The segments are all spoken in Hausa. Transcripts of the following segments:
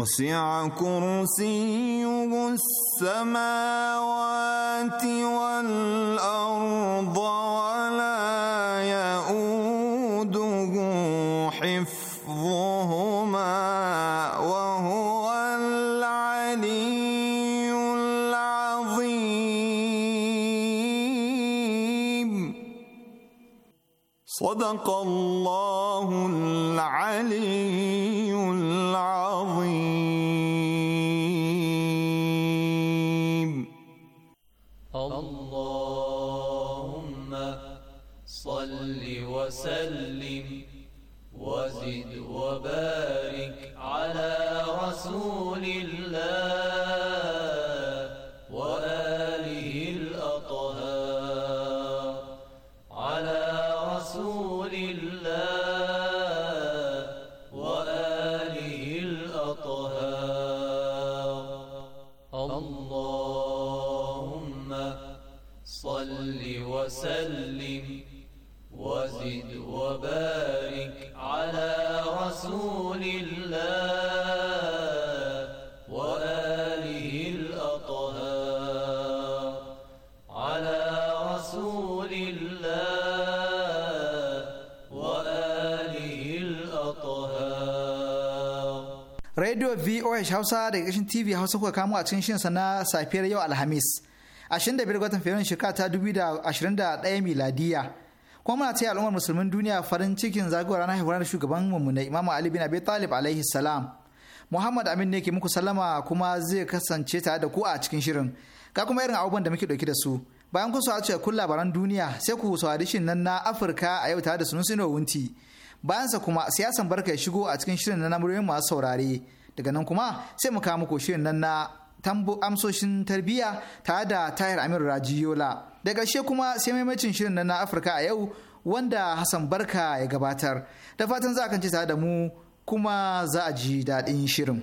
وسع كرسيه السماوات BOH Hausa daga ƙarshen TV Hausa kuka kamo a cikin sa na safiyar yau Alhamis. 25 watan Fabrairu shekara ta 2021 miladiya. Kuma muna taya al'ummar musulmin duniya farin cikin zagawar ranar haihuwar shugaban mu na Imam Ali bin Abi Talib alaihi salam. Muhammad Amin ne ke muku sallama kuma zai kasance tare da ku a cikin shirin. Ga kuma irin abubuwan da muke ɗauki da su. Bayan kun ce kun labaran duniya sai ku saurari shin nan na Afirka a yau tare da Sunusi Wunti. Bayansa kuma siyasan barka ya shigo a cikin shirin na namurorin masu saurare. daga nan kuma sai mu kawo muku shirin nan na tambo amsoshin tarbiyya tare da tayar amir rajiyola da ƙarshe kuma sai maimacin shirin nan na afirka a yau wanda hassan barka ya gabatar da fatan za a kan tare da mu kuma za a ji daɗin shirin.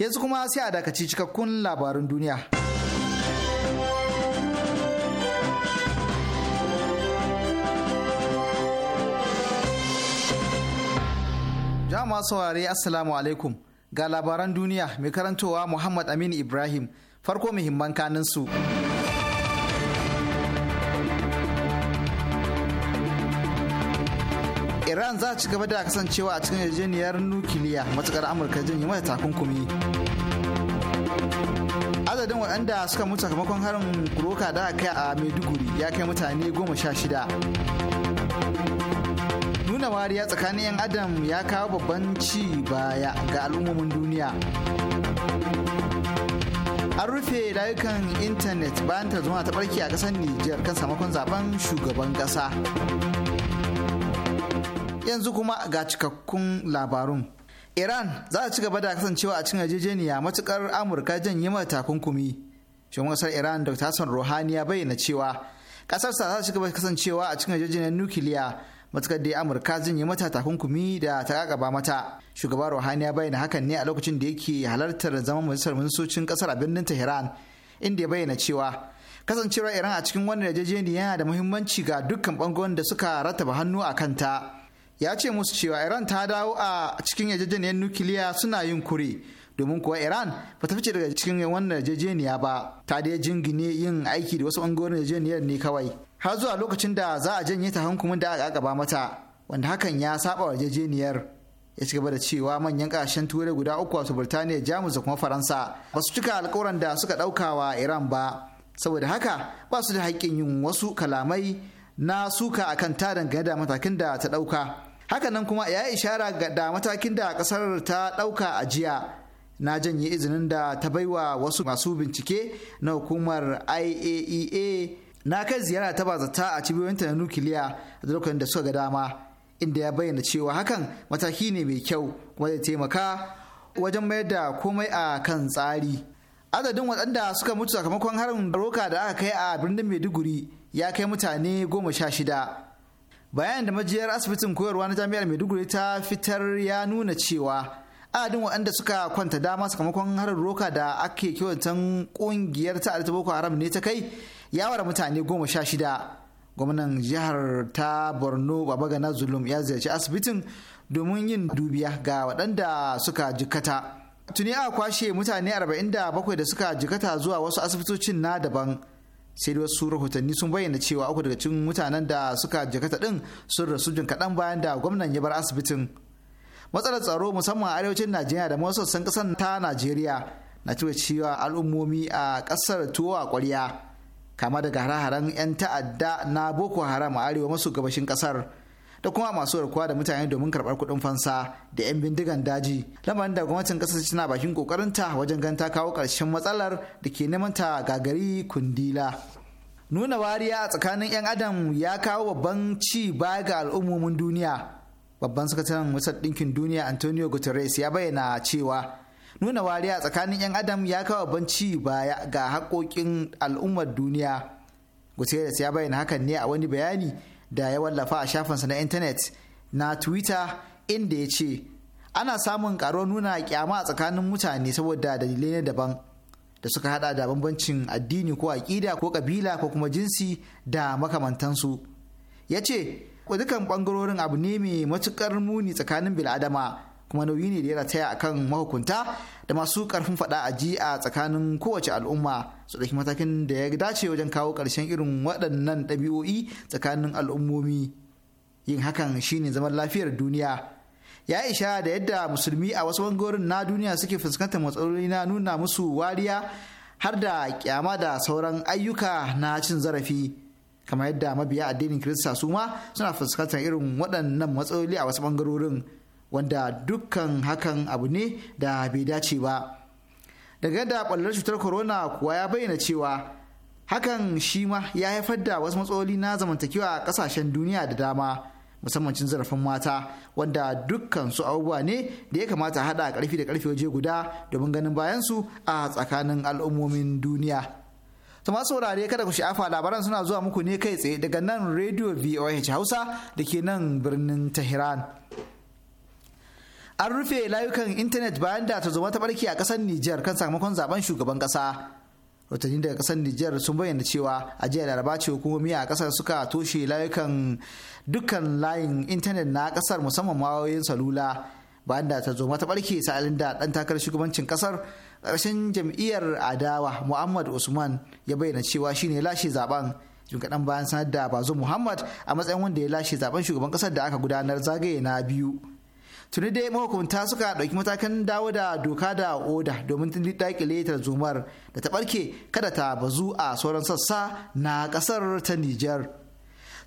yanzu kuma sai a dakaci cikakkun labarun duniya jama'a saurare assalamu alaikum ga labaran duniya mai karantowa muhammad aminu ibrahim farko muhimman kanin su. iran za ci gaba da kasancewa a cikin yarjejeniyar nukiliya matukar amurka janye mata takunkumi adadin waɗanda suka mutu sakamakon harin kuroka da aka kai a maiduguri ya kai mutane goma sha shida nuna wariya tsakanin 'yan adam ya kawo babban ci baya ga al'ummomin duniya an rufe layukan intanet bayan tarzoma ta barke a kasar nijar kan samakon zaben shugaban ƙasa yanzu kuma ga cikakkun labarun iran za ta ci gaba da kasancewa a cikin yarjejeniya matukar amurka janye mata takunkumi shugaban kasar iran dr hassan Rouhani ya bayyana cewa sa za ta ci gaba da kasancewa a cikin yarjejeniyar nukiliya matukar da amurka janye mata takunkumi da ta kakaba mata shugaban Rouhani ya bayyana hakan ne a lokacin da yake halartar zaman majalisar ministocin kasar a birnin tehran inda ya bayyana cewa kasancewar iran a cikin wannan yarjejeniya yana da muhimmanci ga dukkan bangon da suka rattaba hannu a kanta ya ce musu cewa iran ta dawo a cikin yarjejeniyar nukiliya suna yin kure domin kuwa iran ba ta fice daga cikin wannan yarjejeniya ba ta da jingine yin aiki da wasu ɓangaren yarjejeniyar ne kawai har zuwa lokacin da za a janye ta hankumin da aka gaba mata wanda hakan ya saba wa yarjejeniyar ya ci gaba da cewa manyan kasashen turai guda uku wasu burtaniya jamus da kuma faransa ba su cika alkawuran da suka ɗauka wa iran ba saboda haka ba su da haƙƙin yin wasu kalamai na suka akan ta dangane da matakin da ta ɗauka hakanan kuma ya ishara da matakin da kasar ta ɗauka a jiya na janye izinin da ta baiwa wasu masu bincike na hukumar iaea e na kai ziyara ta bazata a cibiyoyinta na nukiliya a lokacin da suka ga dama inda ya bayyana cewa hakan mataki ne mai kyau kuma zai taimaka wajen mayar da komai a kan tsari adadin waɗanda suka mutu sakamakon harin roka da aka kai a birnin maiduguri ya kai mutane goma sha shida bayan da majiyar asibitin koyarwa na jami'ar maiduguri ta fitar ya nuna cewa adadin waɗanda suka kwanta dama sakamakon harin roka da ake kyautan ƙungiyar ta ta boko haram ne ta kai ya wara mutane goma sha shida gwamnan jihar ta borno babagana zulum ya ziyarci asibitin domin yin dubiya ga waɗanda suka jikkata tuni a kwashe mutane 47 da suka jikata zuwa wasu asibitocin na daban sai dai wasu rahotanni sun bayyana cewa uku daga cikin mutanen da suka jakata din sun rasu jin kaɗan bayan da gwamnan ya bar asibitin matsalar tsaro musamman a arewacin najeriya da masu sassan ƙasar ta najeriya na cewa cewa al'ummomi a kasar tuwo a kwarya kama daga hare-haren 'yan ta'adda na boko haram a arewa maso gabashin ƙasar da kuma masu warkuwa da mutane domin karɓar kuɗin fansa da 'yan bindigan daji lamarin da gwamnatin ƙasar tana bakin ƙoƙarinta wajen gan ta kawo ƙarshen matsalar da ke neman ta gagari kundila nuna wariya a tsakanin 'yan adam ya kawo babban ci baya ga al'ummomin duniya babban sakataren wasan ɗinkin duniya antonio guterres ya bayyana cewa nuna wariya a tsakanin 'yan adam ya kawo babban ci baya ga haƙoƙin al'ummar duniya guterres ya bayyana hakan ne a wani bayani da ya wallafa a shafinsa na intanet na twitter inda ya ce ana samun karuwar nuna kyama a tsakanin mutane saboda dalilai na daban da suka hada da bambancin addini ko aƙida ko kabila ko kuma jinsi da makamantansu ya ce dukkan bangarorin abu ne mai matukar muni tsakanin bil'adama kuma nauyi ne da ya rataya a kan mahukunta da masu karfin faɗa a ji a tsakanin kowace al'umma su ɗauki matakin da ya dace wajen kawo ƙarshen irin waɗannan ɗabi'o'i tsakanin al'ummomi yin hakan shine zaman lafiyar duniya ya isha da yadda musulmi a wasu bangarorin na duniya suke fuskantar matsaloli na nuna musu wariya har da kyama da sauran ayyuka na cin zarafi kamar yadda mabiya addinin kirista su ma suna fuskantar irin waɗannan matsaloli a wasu bangarorin wanda dukkan hakan abu ne da bai dace ba daga da ɓallar cutar corona kuwa ya bayyana cewa hakan shi ma ya haifar da wasu matsaloli na zamantakewa a ƙasashen duniya da dama musamman cin zarafin mata wanda dukkan su abubuwa ne da ya kamata haɗa ƙarfi da ƙarfi waje guda domin ganin bayan su a tsakanin al'ummomin duniya. to masu saurare kada ku sha'afa labaran suna zuwa muku ne kai tsaye daga nan radio voh hausa da ke nan birnin tehran an rufe layukan intanet bayan da ta zama ta barki a kasar Nijar kan sakamakon zaben shugaban kasa. Rotanni daga kasar Nijar sun bayyana cewa a jiya laraba ce hukumomi a kasar suka toshe layukan dukkan layin intanet na kasar musamman mawayoyin salula bayan da ta zama ta barke sa'ilin da dan takarar shugabancin kasar ƙarshen jam'iyyar adawa Muhammad Usman ya bayyana cewa shine lashe zaben jin kaɗan bayan sanar da bazo Muhammad a matsayin wanda ya lashe zaben shugaban kasar da aka gudanar zagaye na biyu. tuni dai mahukunta suka ɗauki matakan dawo da doka da oda domin daƙile zumar da ta ɓarke kada ta bazu a sauran sassa na ƙasar ta Nijar.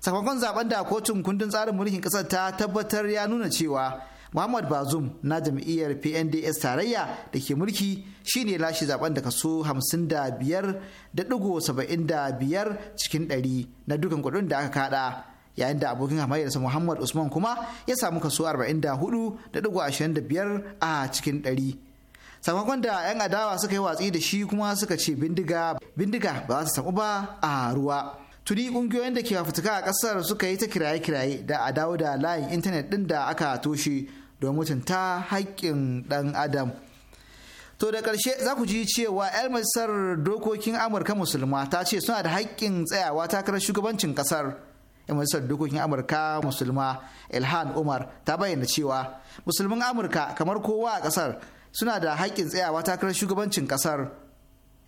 Sakamakon zaben da kotun kundin tsarin mulkin ƙasar ta tabbatar ya nuna cewa Muhammad Bazum na jam'iyyar PNDS tarayya da ke mulki shine lashe zaben da kaso 55.75 cikin 100 na dukan kudin da aka kada. yayin da abokin hamayyarsa Muhammad Usman kuma ya samu kaso 44.25 a cikin 100. Sakamakon da 'yan adawa suka yi watsi da shi kuma suka ce bindiga bindiga ba za su samu ba a ruwa. Tuni kungiyoyin da ke fafutuka a kasar suka yi ta kiraye-kiraye da a dawo da layin intanet ɗin da aka toshe don mutunta haƙƙin ɗan adam. To da ƙarshe za ku ji cewa 'yar majalisar dokokin Amurka Musulma ta ce suna da haƙƙin tsayawa takarar shugabancin ƙasar. yan majalisar dokokin amurka musulma ilhan umar ta bayyana cewa musulmin amurka kamar kowa a kasar suna da haƙƙin tsayawa takarar shugabancin kasar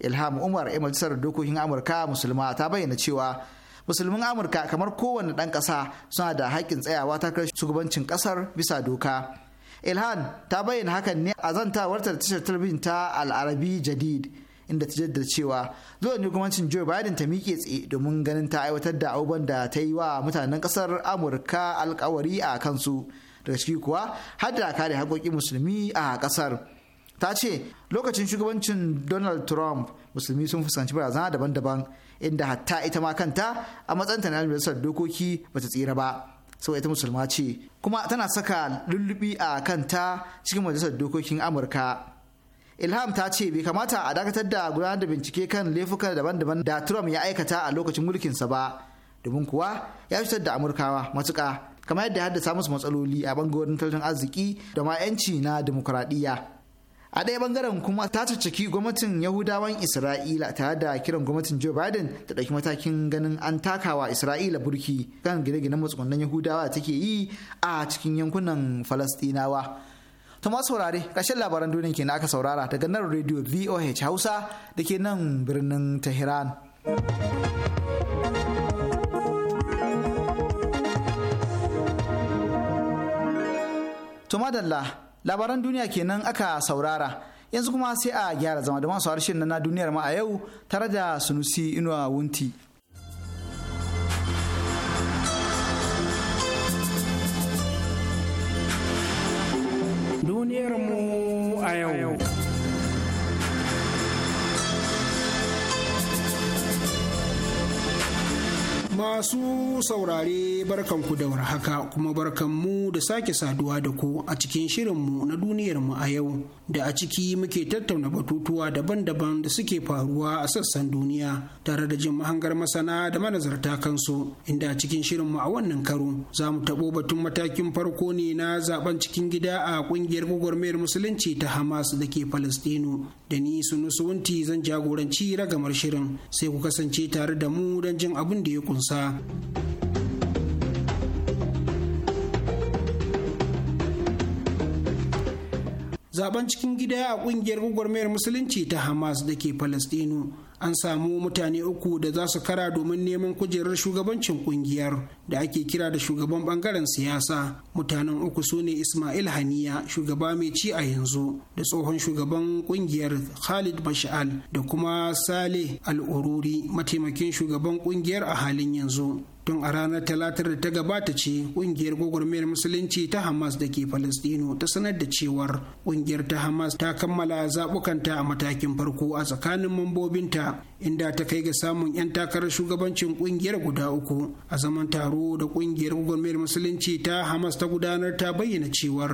ilham umar yan majalisar dokokin amurka musulma ta bayyana cewa musulmin amurka kamar kowane ɗan ƙasa suna da haƙƙin tsayawa takarar shugabancin kasar bisa doka ilhan ta bayyana hakan ne a zantawar da tashar talabijin ta al'arabi jadid inda ta jaddada cewa dole ne gwamnatin Joe Biden ta miƙe tsaye domin ganin ta aiwatar da abubuwan da ta yi wa mutanen ƙasar Amurka alkawari a kansu daga ciki kuwa har da kare haƙoƙin musulmi a ƙasar. Ta ce lokacin shugabancin Donald Trump musulmi sun fuskanci barazana daban-daban inda hatta ita ma kanta a matsayinta na majalisar dokoki bata tsira ba. Sau ita musulma ce kuma tana saka lullubi a kanta cikin majalisar dokokin amurka ilham ta ce bai kamata a dakatar da gudanar da bincike kan laifukan daban-daban da trump ya aikata a lokacin mulkinsa ba domin kuwa ya fitar da amurkawa matuka kamar yadda ya haddasa musu matsaloli a bangarorin tattalin arziki da ma 'yanci na demokuraɗiyya. a ɗaya bangaren kuma ta caccaki gwamnatin yahudawan isra'ila tare da kiran gwamnatin joe biden ta ɗauki matakin ganin an takawa isra'ila burki kan gine-ginen matsugunan yahudawa da take yi a cikin yankunan falastinawa to ma saurare ƙarshen labaran duniya ke aka saurara daga nan rediyo voh hausa da ke nan birnin tehran to madalla labaran duniya kenan aka saurara yanzu kuma sai a gyara zama da masu harshen na duniyar ma a yau tare da sunusi inuwa wunti. duniyarmu a yau. Masu saurare barkanku da warhaka kuma barkanmu da sake saduwa da ku a cikin shirinmu na duniyarmu a yau da a ciki muke tattauna batutuwa daban-daban da suke faruwa a sassan duniya tare da jin mahangar masana da manazarta kansu inda a cikin shirinmu a wannan karo za mu taɓo batun matakin farko ne na zaben cikin gida a kungiyar gwagwarmayar musulunci ta Hamas da ke Falastinu da ni Sunusu Wunti zan jagoranci ragamar shirin sai ku kasance tare da mu don jin abin da ya kunsa. ƙasa zaben cikin gida a kungiyar gwagwarmayar musulunci ta hamas da ke palestino an samu mutane uku da za su kara domin neman kujerar shugabancin kungiyar da ake kira da shugaban bangaren siyasa mutanen uku su ne ismail haniya shugaba mai ci a yanzu da tsohon shugaban kungiyar khalid bashal da kuma saleh al'ururi mataimakin shugaban kungiyar a halin yanzu tun a ranar talatar da ta gabata ce kungiyar gwagwarmayar musulunci ta hamas da ke Falistino ta sanar da cewar kungiyar ta hamas ta kammala zaɓukanta a matakin farko a tsakanin mambobinta inda ta kai ga samun 'yan takarar shugabancin kungiyar guda uku a zaman taro da kungiyar gwagwarmayar musulunci ta hamas ta gudanar ta bayyana cewar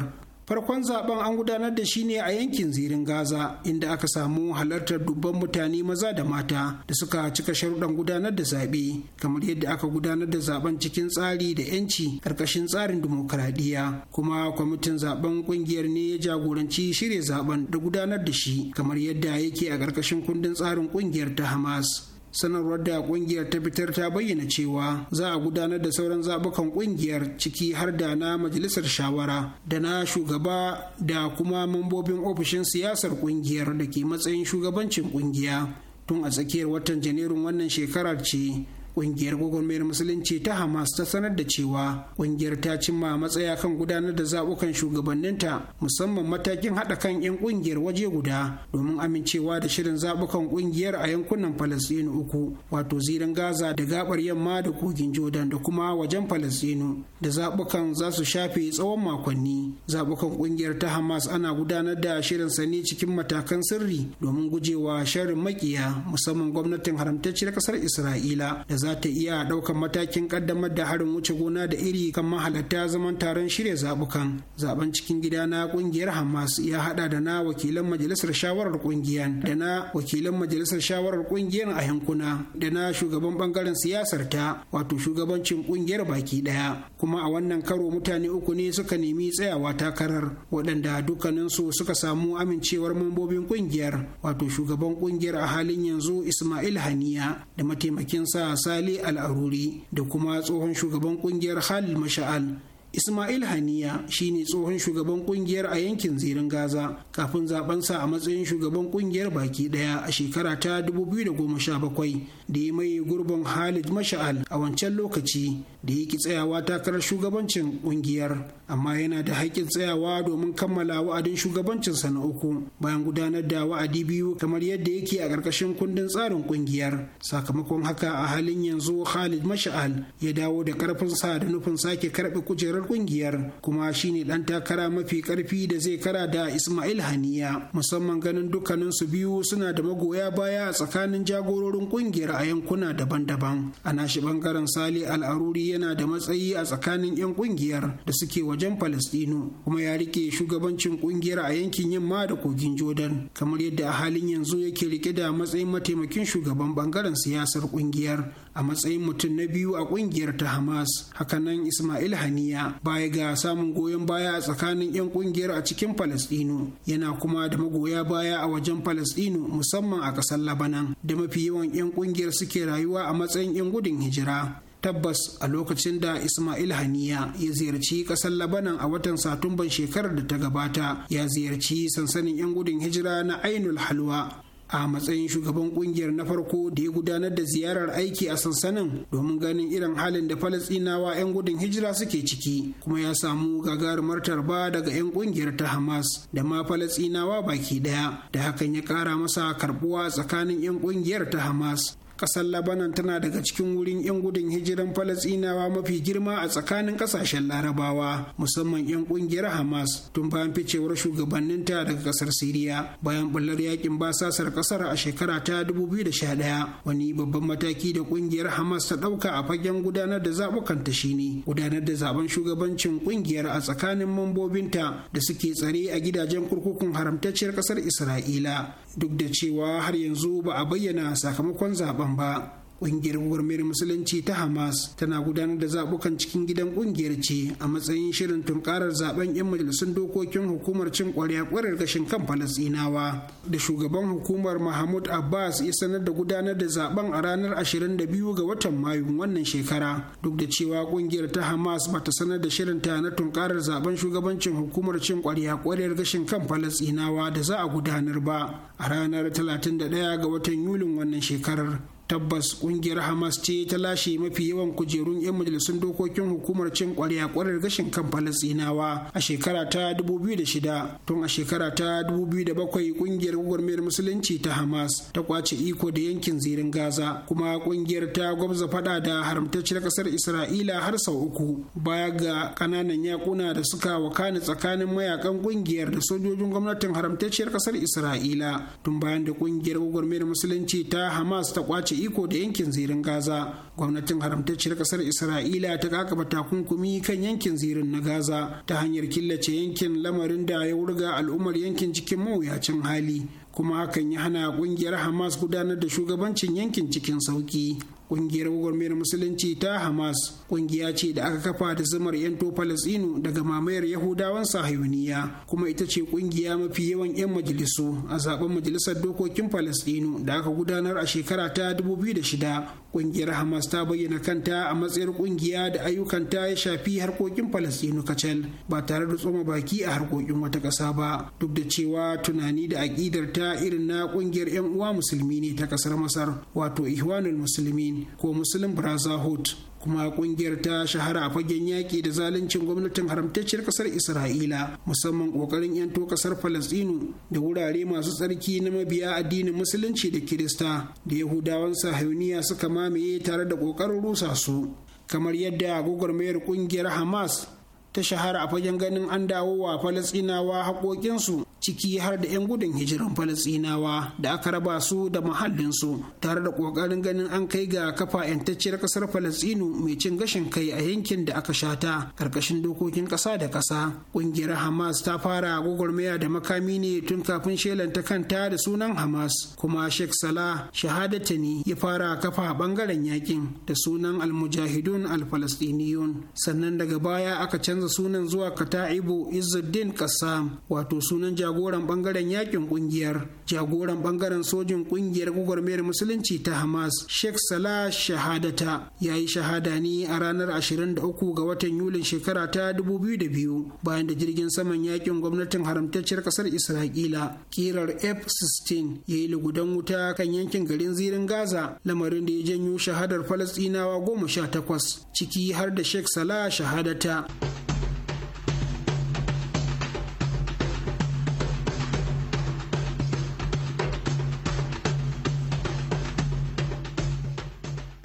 farkon zaben an gudanar da shi ne a yankin zirin gaza inda aka samu halartar dubban mutane maza da mata da suka cika sharuɗan gudanar da zaɓe kamar yadda aka gudanar da zaben cikin tsari da yanci ƙarƙashin tsarin dimokuraɗiyya kuma kwamitin zaben ƙungiyar ne ya jagoranci shirya zaben da gudanar da shi kamar yadda yake a ƙarƙashin kundin tsarin ƙungiyar ta hamas sanarwar da kungiyar ta fitar ta bayyana cewa za a gudanar da sauran zabukan kungiyar ciki har da na majalisar shawara da na shugaba da kuma mambobin ofishin siyasar kungiyar da ke matsayin shugabancin kungiya tun a tsakiyar watan janairun wannan shekarar ce kungiyar gwagwarmayar musulunci ta hamas ta sanar da cewa kungiyar ta cimma matsaya kan gudanar da zabukan shugabanninta musamman matakin haɗa kan 'yan kungiyar waje guda domin amincewa da shirin zabukan kungiyar a yankunan falastinu uku wato zirin gaza da gabar yamma da kogin jordan da kuma wajen falastinu da zabukan za su shafe tsawon makonni zabukan kungiyar ta hamas ana gudanar da shirin sani cikin matakan sirri domin gujewa sharrin makiya musamman gwamnatin haramtacciyar kasar isra'ila da za ta iya ɗaukar matakin ƙaddamar da harin wuce gona da iri kan mahalatta zaman taron shirya zaɓukan zaben cikin gida na ƙungiyar hamas ya haɗa da na wakilan majalisar shawarar ƙungiyar da na wakilan majalisar shawarar ƙungiyar a yankuna da na shugaban ɓangaren siyasar ta wato shugabancin ƙungiyar baki ɗaya kuma a wannan karo mutane uku ne suka nemi tsayawa takarar waɗanda dukkaninsu suka samu amincewar mambobin ƙungiyar wato shugaban ƙungiyar a halin yanzu ismail haniya da mataimakin mataimakinsa sale al'aruri da kuma tsohon shugaban kungiyar Hal masha'al Ismail Haniya shine tsohon shugaban kungiyar a yankin zirin Gaza kafin zabensa a matsayin shugaban kungiyar baki daya a shekara ta 2017 da ya maye gurbin halid Mash'al a wancan lokaci da yake tsayawa takarar shugabancin kungiyar amma yana da haƙƙin tsayawa domin kammala wa'adin shugabancin sa na uku bayan gudanar da wa'adi biyu kamar yadda yake a ƙarƙashin kundin tsarin kungiyar sakamakon haka a halin yanzu Khalid Mash'al ya dawo da sa da nufin sake karɓe kujerar kungiyar kuma shine ɗan takara mafi ƙarfi da zai kara da Ismail Haniya musamman ganin dukkanin su biyu suna da magoya baya a tsakanin jagororin kungiyar a yankuna daban-daban ana shi bangaren Sali Al-Aruri yana da matsayi a tsakanin 'yan kungiyar da suke wajen Falasɗinu kuma ya rike shugabancin kungiyar a yankin yamma da kogin Jordan kamar yadda a halin yanzu yake rike da matsayin mataimakin shugaban bangaren siyasar kungiyar a matsayin mutum na biyu a kungiyar ta Hamas hakanan Ismail Haniya baya ga samun goyon baya a tsakanin 'yan kungiyar a cikin Falasɗinu yana kuma da magoya baya a wajen Falasɗinu musamman a ƙasar Labanan da mafi yawan 'yan kungiyar suke rayuwa a matsayin 'yan gudun hijira tabbas a lokacin da ismail haniya ya ziyarci ƙasar labanan a watan satumban shekarar da ta gabata ya ziyarci sansanin 'yan gudun hijira na ainul halwa a matsayin shugaban kungiyar na farko da ya gudanar da ziyarar aiki a sansanin domin ganin irin halin da falasinawa 'yan gudun hijira suke ciki kuma ya samu gagarumar tarba daga 'yan kungiyar ta hamas da ma falasinawa baki daya da hakan ya kara masa karbuwa tsakanin 'yan kungiyar ta hamas Ƙasar labanan tana daga cikin wurin 'yan gudun hijiran falasinawa mafi girma a tsakanin ƙasashen larabawa musamman 'yan ƙungiyar hamas tun bayan ficewar shugabanninta daga ƙasar siriya bayan bullar yakin basasar kasar a shekara ta dubu biyu da sha 2011 wani babban mataki da ƙungiyar hamas ta ɗauka a fagen gudanar da zaɓukan ta shine gudanar da zaben shugabancin ƙungiyar a tsakanin mambobinta da suke tsare a gidajen kurkukun haramtacciyar ƙasar isra'ila duk da cewa har yanzu ba a bayyana sakamakon zaben ba Ƙungiyar gwagwarmayar Musulunci ta Hamas tana gudanar da zaɓukan cikin gidan ƙungiyar ce a matsayin shirin tunkarar zaben 'yan majalisun dokokin hukumar cin ƙwarya ƙwarar gashin kan Falasɗinawa. Da shugaban hukumar Mahmud Abbas ya sanar da gudanar da zaben a ranar 22 ga watan Mayu wannan shekara. Duk da cewa ƙungiyar ta Hamas ba ta sanar da shirin ta na tunkarar zaben shugabancin hukumar cin ƙwarya ƙwarar gashin kan Falasɗinawa da za a gudanar ba a ranar 31 ga watan Yulin wannan shekarar. tabbas kungiyar hamas ce ta lashe mafi yawan kujerun 'yan majalisun dokokin hukumar cin kwarya kwarar gashin kan falastinawa a shekara ta 2006 tun a shekara ta 2007 kungiyar gwagwarmayar musulunci ta hamas ta kwace iko da yankin zirin gaza kuma kungiyar ta gwamza fada da haramtacciyar kasar isra'ila har sau uku baya ga kananan yakuna da suka wakana tsakanin mayakan kungiyar da sojojin gwamnatin haramtacciyar kasar isra'ila tun bayan da kungiyar gwagwarmayar musulunci ta hamas ta kwace iko da yankin zirin gaza gwamnatin haramtacciyar kasar isra'ila ta kakaba takunkumi kan yankin zirin na gaza ta hanyar killace yankin lamarin da ya wurga al'ummar yankin cikin mawuyacin hali kuma hakan ya hana kungiyar hamas gudanar da shugabancin yankin cikin sauki kungiyar gwagwarmayar musulunci ta hamas kungiya ce da aka kafa da zamar yanto falasinu daga mamayar yahudawan sahayuniya kuma ita ce kungiya mafi yawan 'yan majalisu a zaben majalisar dokokin Falasɗinu da aka gudanar a shekara ta 2006 kungiyar hamas ta bayyana kanta a matsayin kungiya da ayyukanta ya shafi harkokin falasinu kacal ba tare da tsoma baki a harkokin wata ƙasa ba duk da cewa tunani da aƙidar ta irin na kungiyar 'yan uwa musulmi ne ta ƙasar masar wato ihwanul musulmin ko muslim brotherhood kuma kungiyar ta shahara a fagen yaƙi da zaluncin gwamnatin haramtacciyar ƙasar isra'ila musamman ƙoƙarin 'yanto ƙasar falasɗinu da wurare masu tsarki na mabiya addinin musulunci da kirista da yahudawan sahiyuniya suka mamaye tare da ƙoƙarin rusa su kamar yadda gwagwarmayar ƙungiyar hamas ta shahara a fagen ganin an dawo wa falasɗinawa haƙoƙinsu ciki har da 'yan gudun hijiran falasinawa da aka raba su da mahallinsu tare da ƙoƙarin ganin an kai ga kafa 'yantacciyar ƙasar falasinu mai cin gashin kai a yankin da aka shata ƙarƙashin dokokin ƙasa da ƙasa ƙungiyar hamas ta fara gwagwarmaya da makami ne tun kafin shelan ta kanta da sunan hamas kuma sheikh salah shahadatani ya fara kafa ɓangaren yakin da sunan almujahidun alfalastiniyun sannan daga baya aka canza sunan zuwa kata'ibu izzuddin kassam wato sunan jagoran bangaren yakin kungiyar jagoran bangaren sojin kungiyar gwagwarmayar musulunci ta hamas sheikh salah shahadata ya yi shahada ne a ranar 23 ga watan yulin shekara ta 2002 bayan da jirgin saman yakin gwamnatin haramtacciyar kasar isra'ila kirar f-16 ya yi lugudan wuta kan yankin garin zirin gaza lamarin da ya janyo shahadar falastinawa goma sha takwas ciki har da sheikh salah shahadata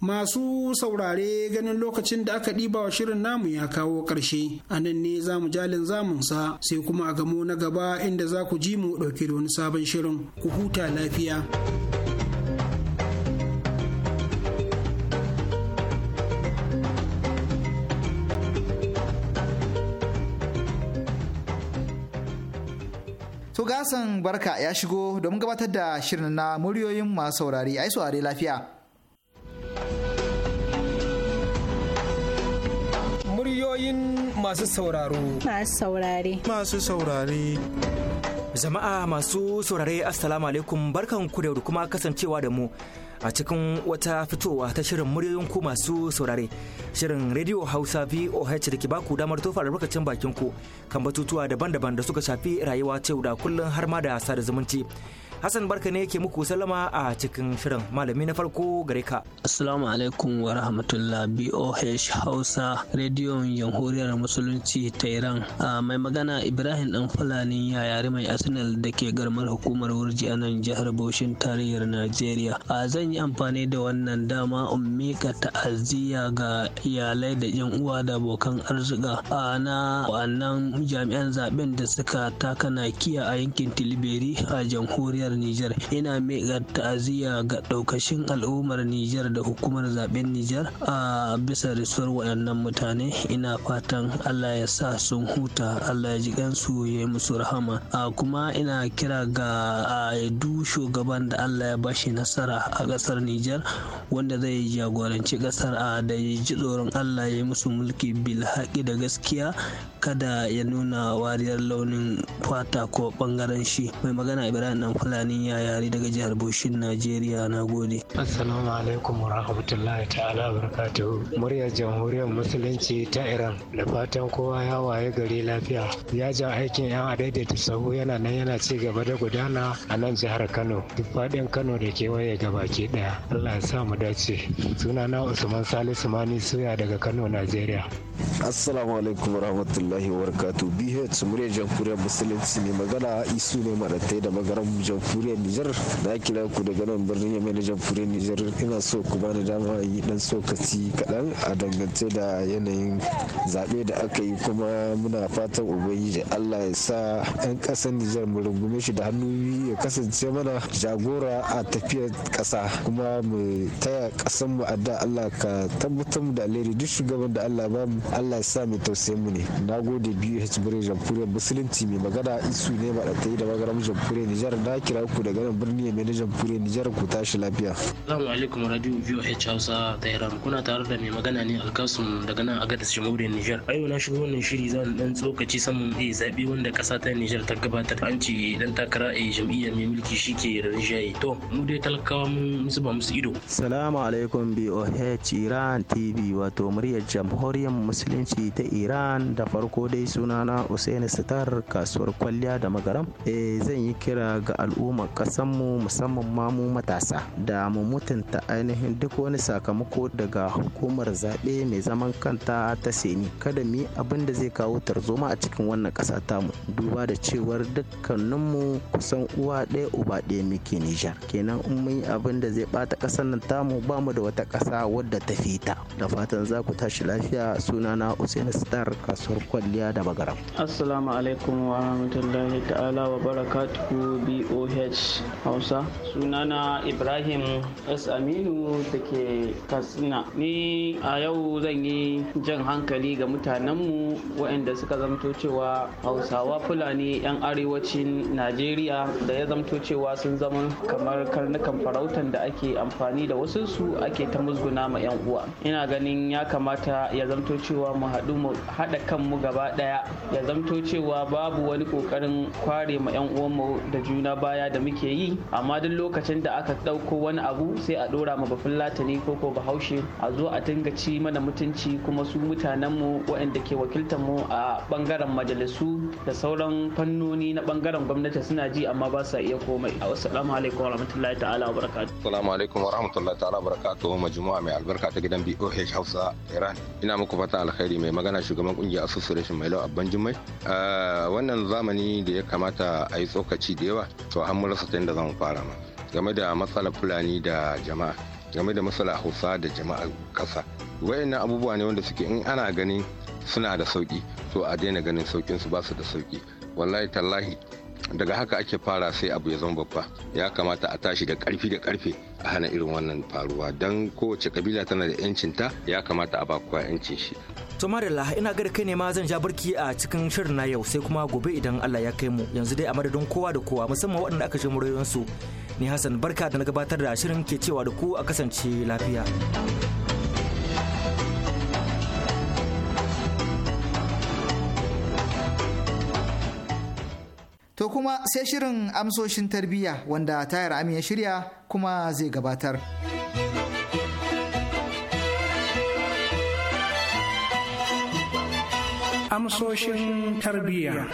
masu saurare ganin lokacin da aka ɗiba wa shirin namu ya kawo ƙarshe a nan ne za mu jalin zamunsa sai kuma a gamo na gaba inda za ku ji mu ɗauke da wani sabon shirin ku huta lafiya. gasan Barka ya shigo domin gabatar da shirin na muryoyin masu saurari ai saurari lafiya. ra'ayoyin masu sauraro. Masu saurare. Masu saurare. Jama'a masu saurare Assalamu alaikum barkan ku da kuma kasancewa da mu a cikin wata fitowa ta shirin muryoyin ku masu saurare. Shirin Radio Hausa VOH da ke baku damar tofa albarkacin bakin ku kan batutuwa daban-daban da suka shafi rayuwa ce da kullum har ma da sada zumunci. Hassan barka ne yake muku salama a cikin shirin malami na farko gare ka. Assalamu alaikum wa rahmatullah BOH Hausa Radio Jamhuriyar Musulunci ta Iran. mai magana Ibrahim Dan Fulani yare mai Arsenal da ke garmar hukumar wurji a nan jihar Bauchin tarayyar Najeriya. A zan yi amfani da wannan dama in mika ta'aziyya ga iyalai da yan uwa da abokan arzika a na wannan jami'an zaben da suka taka nakiya a yankin Tilberi a jamhuriyar jamhuriyar Nijar ina miƙa ta'aziyya ga ɗaukashin al'ummar Nijar da hukumar zaben Nijar a bisa risuwar waɗannan mutane ina fatan Allah ya sa sun huta Allah ya ji kansu ya yi musu rahama a kuma ina kira ga du shugaban da Allah ya bashi nasara a ƙasar Nijar wanda zai jagoranci ƙasar a da ya ji tsoron Allah ya yi musu mulki bil haƙi da gaskiya kada ya nuna wariyar launin fata ko ɓangaren shi mai magana Ibrahim Danfula Sani Yayari daga jihar Bushin Najeriya. Na gode. Assalamu alaikum wa rahmatullahi ta'ala wa barakatuhu. Muryar Jamhuriyar Musulunci ta Iran da fatan kowa ya waye gari lafiya. Ya Yajin aikin 'yan adaidaita sahu yana nan yana ci gaba da gudana a nan jihar Kano. Duk faɗin Kano da kewaye gabaki ɗaya. Allah ya sa mu dace. Sunana Usman Salisu Mani Suya daga Kano, Najeriya. Assalamu alaikum wa wabarakatuh. BH Muryar Jamhuriyar Musulunci ne magana isu ne maɗatai da magaran jamhuriyar Nijar na kira ku daga nan birnin Yamai na jamhuriyar Nijar ina so ku bani dama yi dan sokaci kaɗan a dangance da yanayin zaɓe da aka yi kuma muna fatan ubangiji Allah ya sa 'yan ƙasar Nijar mu rungume shi da hannu ya kasance mana jagora a tafiyar ƙasa kuma mu taya ƙasar mu adda Allah ka tabbatar mu da alheri duk shugaban da Allah ba mu Allah ya sa mai tausayin mu ne gode biyu H Bure jamhuriyar musulunci mai magana isu ne ba da ta yi da magaram jamhuriyar Nijar na kira kira ku daga nan birni mai na jamhuriyar Nijar ku tashi lafiya. Assalamu alaikum radio VOH Hausa iran kuna tare da mai magana ne Alkasum daga nan Agadez jamhuriyar Nijar. A yau na shigo wannan shiri zan dan tsokaci saman zai eh, zaɓe wanda kasa ta Nijar ta gabatar an ce dan takara a jam'iyyar mai mulki shike rinjaye. To mu dai talakawa mun zuba musu ido. Assalamu alaikum BOH Iran TV wato muryar jamhuriyar musulunci ta Iran da farko dai sunana Usaini Sitar kasuwar kwalliya da magaram. Eh zan yi kira ga al'umma ma kasanmu musamman ma mu matasa da mu mutunta ainihin duk wani sakamako daga hukumar zaɓe mai zaman kanta ta seni kada mu yi abin da zai kawo tarzoma a cikin wannan ƙasa tamu duba da cewar dukkaninmu kusan uwa ɗaya uba ɗaya muke nijar kenan in mun yi abin da zai ɓata ƙasar nan tamu ba mu da wata ƙasa wadda ta fi ta. da fatan za ku tashi lafiya sunana usaini star kasuwar kwalliya da bagaram assalamu alaikum wa rahmatullahi ta'ala wa barakatuhu boh Hausa. Sunana Ibrahim S. Aminu da ke Katsina. Ni a yau zan yi jan hankali ga mutanenmu waɗanda suka zamto cewa Hausawa Fulani 'yan arewacin Najeriya da ya zamto cewa sun zama kamar karnukan farautan da ake amfani da wasu su ake ta musguna ma 'yan uwa. Ina ganin ya kamata ya zamto cewa mu haɗu mu haɗa kanmu gaba ɗaya ya zamto cewa babu wani ƙoƙarin kware ma 'yan uwanmu da juna baya da muke yi amma duk lokacin da aka ɗauko wani abu sai a ɗora ma bafin latani ko ko bahaushe a zo a dinga ci mana mutunci kuma su mutanenmu waɗanda ke wakiltar mu a ɓangaren majalisu da sauran fannoni na ɓangaren gwamnati suna ji amma ba sa iya komai a wassalamu alaikum wa rahmatullahi ta'ala wa barakatu. salamu alaikum wa rahmatullahi ta'ala wa barakatuhu mai albarka ta gidan BOH Hausa Iran ina muku fata alkhairi mai magana shugaban kungiyar association mai lau abban jummai ah, wannan zamani da ya kamata a yi tsokaci da yawa to an rasa ta inda zamu fara ma game da matsalar fulani da jama'a game da matsalar hausa da jama'a ƙasa wayannan abubuwa ne wanda suke in ana ganin suna da sauki to a daina ganin saukin su ba su da sauki wallahi tallahi daga haka ake fara sai abu ya zama babba ya kamata a tashi da karfi da karfe a hana irin wannan faruwa don kowace kabila tana da yancinta ya kamata a ba kowa yancin shi to marilla ina ga kai ne ma zan ja barki a cikin shirin na yau sai kuma gobe idan Allah ya kai mu yanzu dai a madadin kowa da kowa musamman waɗanda aka ji murayoyin su ni Hassan barka da na gabatar da shirin ke cewa da ku a kasance lafiya To kuma sai shirin amsoshin tarbiyya wanda tayar amin ya shirya kuma zai gabatar. Amsoshin tarbiyya.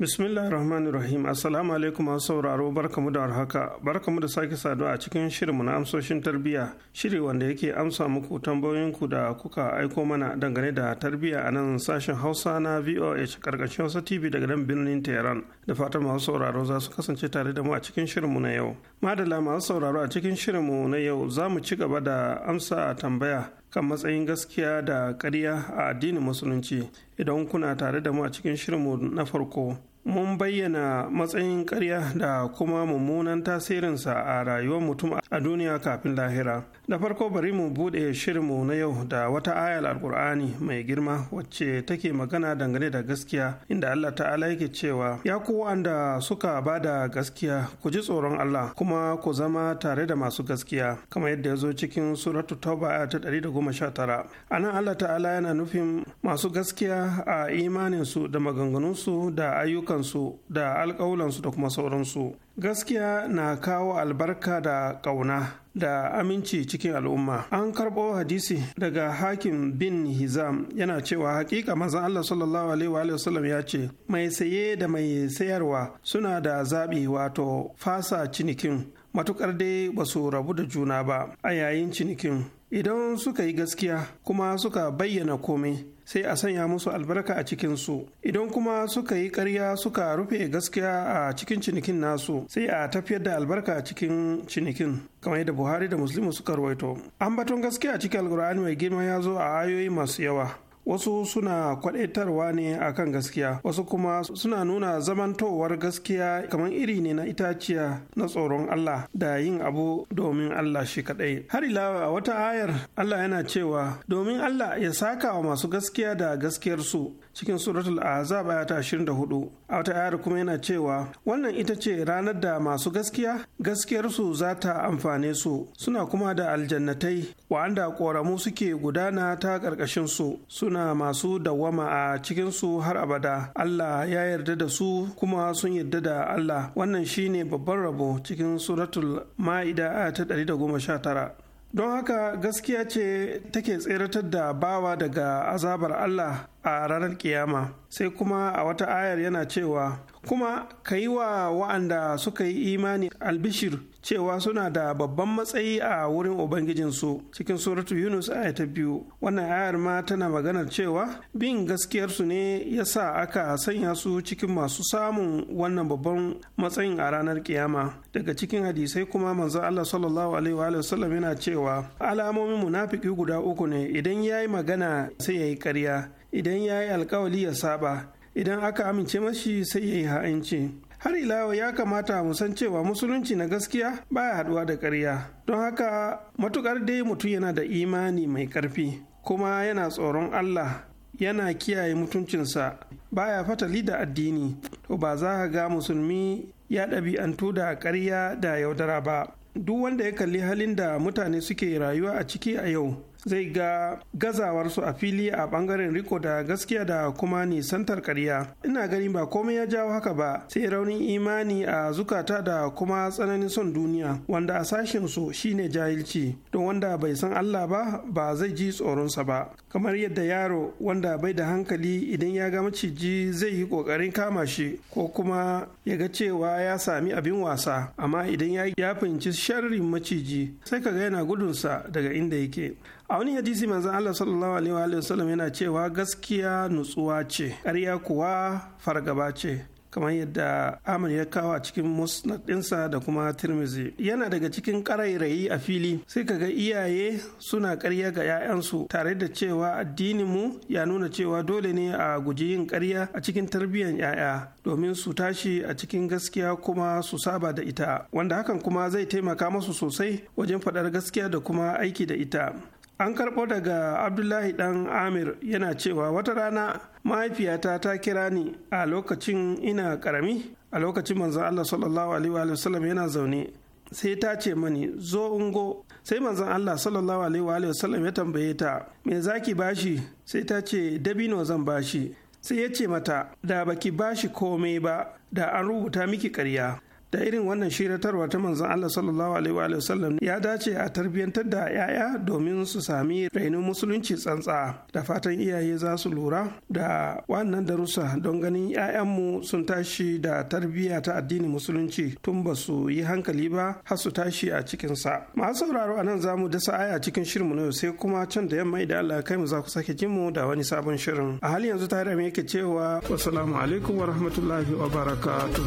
bismillah rahman rahim assalamu alaikum masu sauraro barkamu da warhaka barkamu da sake saduwa a cikin shirinmu na amsoshin tarbiyya shiri wanda yake amsa muku tambayoyinku da kuka aiko mana dangane da tarbiyya a nan sashen hausa na voh karkashin hausa tv daga nan birnin tehran da fatan masu sauraro za su kasance tare da mu a cikin shirinmu na yau madala masu sauraro a cikin shirinmu na yau za mu ci gaba da amsa tambaya kan matsayin gaskiya da ƙarya a addinin musulunci idan kuna tare da mu a cikin shirinmu na farko mun bayyana matsayin karya da kuma mummunan tasirinsa a rayuwar mutum a duniya kafin lahira da farko bari mu buɗe shirinmu na yau da wata ayar alkur'ani mai girma wacce take magana dangane da gaskiya inda allah ta'ala yake cewa ya ku wanda suka ba da gaskiya ku ji tsoron allah kuma ku zama tare da masu gaskiya kamar yadda ya zo cikin suratu tauba ta ɗari da goma sha tara. a nan allah ta'ala yana nufin masu gaskiya a imaninsu da maganganunsu da ayyuka ayyukansu da alƙawulansu da kuma sauransu gaskiya na kawo albarka da ƙauna da aminci cikin al'umma an karɓo hadisi daga hakim bin hizam yana cewa hakika manzon allah sallallahu alaihi wa sallam ya ce mai saye da mai sayarwa suna da zaɓi wato fasa cinikin matukar dai ba su rabu da juna ba a yayin cinikin idan suka yi gaskiya kuma suka bayyana komai sai a sanya musu albarka a cikinsu idan kuma suka yi karya suka rufe gaskiya a cikin cinikin nasu sai a tafiyar da albarka a cikin cinikin kamar yadda buhari da muslimu suka rawaito ambaton gaskiya a cikin alkur'ani mai girma ya zo a ayoyi masu yawa wasu suna kwadaitarwa ne akan gaskiya wasu kuma suna nuna zamantowar gaskiya kamar iri ne na itaciya na tsoron Allah da yin abu domin Allah shi kadai har ila a wata ayar Allah yana cewa domin Allah ya saka wa masu gaskiya da gaskiyar su cikin suratul azab aya ta 24 a wata ayar kuma yana cewa wannan ita ce ranar da masu gaskiya gaskiyar su za ta amfane su suna kuma da aljannatai wa'anda ƙoramu suke gudana ta ƙarƙashin su suna suna masu dawwama a cikinsu har abada Allah ya yarda da su kuma sun yarda da Allah wannan shine babban rabo cikin suratul ma'ida ta 119 don haka gaskiya ce take tseratar da bawa daga azabar Allah a ranar kiyama sai kuma a wata ayar yana cewa kuma ka yi wa wa'anda suka yi imani albishir cewa suna da babban matsayi a wurin ubangijinsu cikin suratu yunus aya ta biyu wannan ayar ma tana maganar cewa bin gaskiyarsu ne ya sa aka sanya su cikin masu samun wannan babban matsayin a ranar kiyama daga cikin hadisai kuma manzo allah sallallahu alaihi wa sallam yana cewa alamomin munafiki guda uku ne idan ya yi magana sai ya yi karya idan ya yi alkawali ya saba idan aka amince mashi sai ya yi ha'inci har ila ya kamata mu san cewa musulunci na gaskiya baya haduwa da ƙarya don haka matukar dai mutum yana da imani mai ƙarfi kuma yana tsoron allah yana kiyaye mutuncinsa baya fatali da addini to ba za ka ga musulmi ya ɗabi'antu da karya da yaudara ba duk wanda ya kalli halin da mutane suke rayuwa a ciki a yau zai ga gazawarsu a fili a bangaren riko da gaskiya da kuma nisantar karya ina ganin ba komai ya jawo haka ba sai raunin imani a zukata da kuma tsananin son duniya wanda a sashen su shine jahilci don wanda bai san Allah ba ba zai ji tsoronsa ba kamar yadda yaro wanda bai da hankali idan ya ga maciji zai yi kokarin kama shi ko kuma ya ga cewa ya sami abin wasa amma idan ya fahimci sharrin maciji sai ka kaga yana gudunsa daga inda yake a wani hadisi manzan Allah sallallahu alaihi wa sallam yana cewa gaskiya nutsuwa ce ƙarya kuwa fargaba ce kamar yadda Ahmad ya kawo a cikin musnadinsa da kuma Tirmizi yana daga cikin ƙarairayi a fili sai kaga iyaye suna ƙarya ga 'ya'yansu tare da cewa addinin mu ya nuna cewa dole ne a guji yin ƙarya a cikin tarbiyyar 'ya'ya domin su tashi a cikin gaskiya kuma su saba da ita wanda hakan kuma zai taimaka masu sosai wajen faɗar gaskiya da kuma aiki da ita an karɓo daga abdullahi ɗan amir yana cewa wata rana mahaifiyata ta kira ni a lokacin ina karami a lokacin manzan allah sallallahu alaihi wa yana zaune sai ta ce mani zo ungo sai manzan allah sallallahu alaihi wa ya tambaye ta me zaki bashi sai ta ce dabino zan bashi sai ya ce mata da baki bashi komai ba da an rubuta miki karya da irin wannan shiratarwa ta manzon Allah sallallahu alaihi wa sallam ya dace a tarbiyyantar da 'ya'ya domin su sami rainin musulunci tsantsa da fatan iyaye za su lura da wannan darussa don ganin 'ya'yanmu sun tashi da tarbiyya ta addini musulunci tun ba su yi hankali ba har su tashi a cikinsa masu sauraro a nan za mu dasa aya cikin shirinmu na yau sai kuma can da yamma idan Allah kai mu za ku sake jin mu da wani sabon shirin a hali yanzu tare da yake cewa wassalamu alaikum wa rahmatullahi wa barakatuh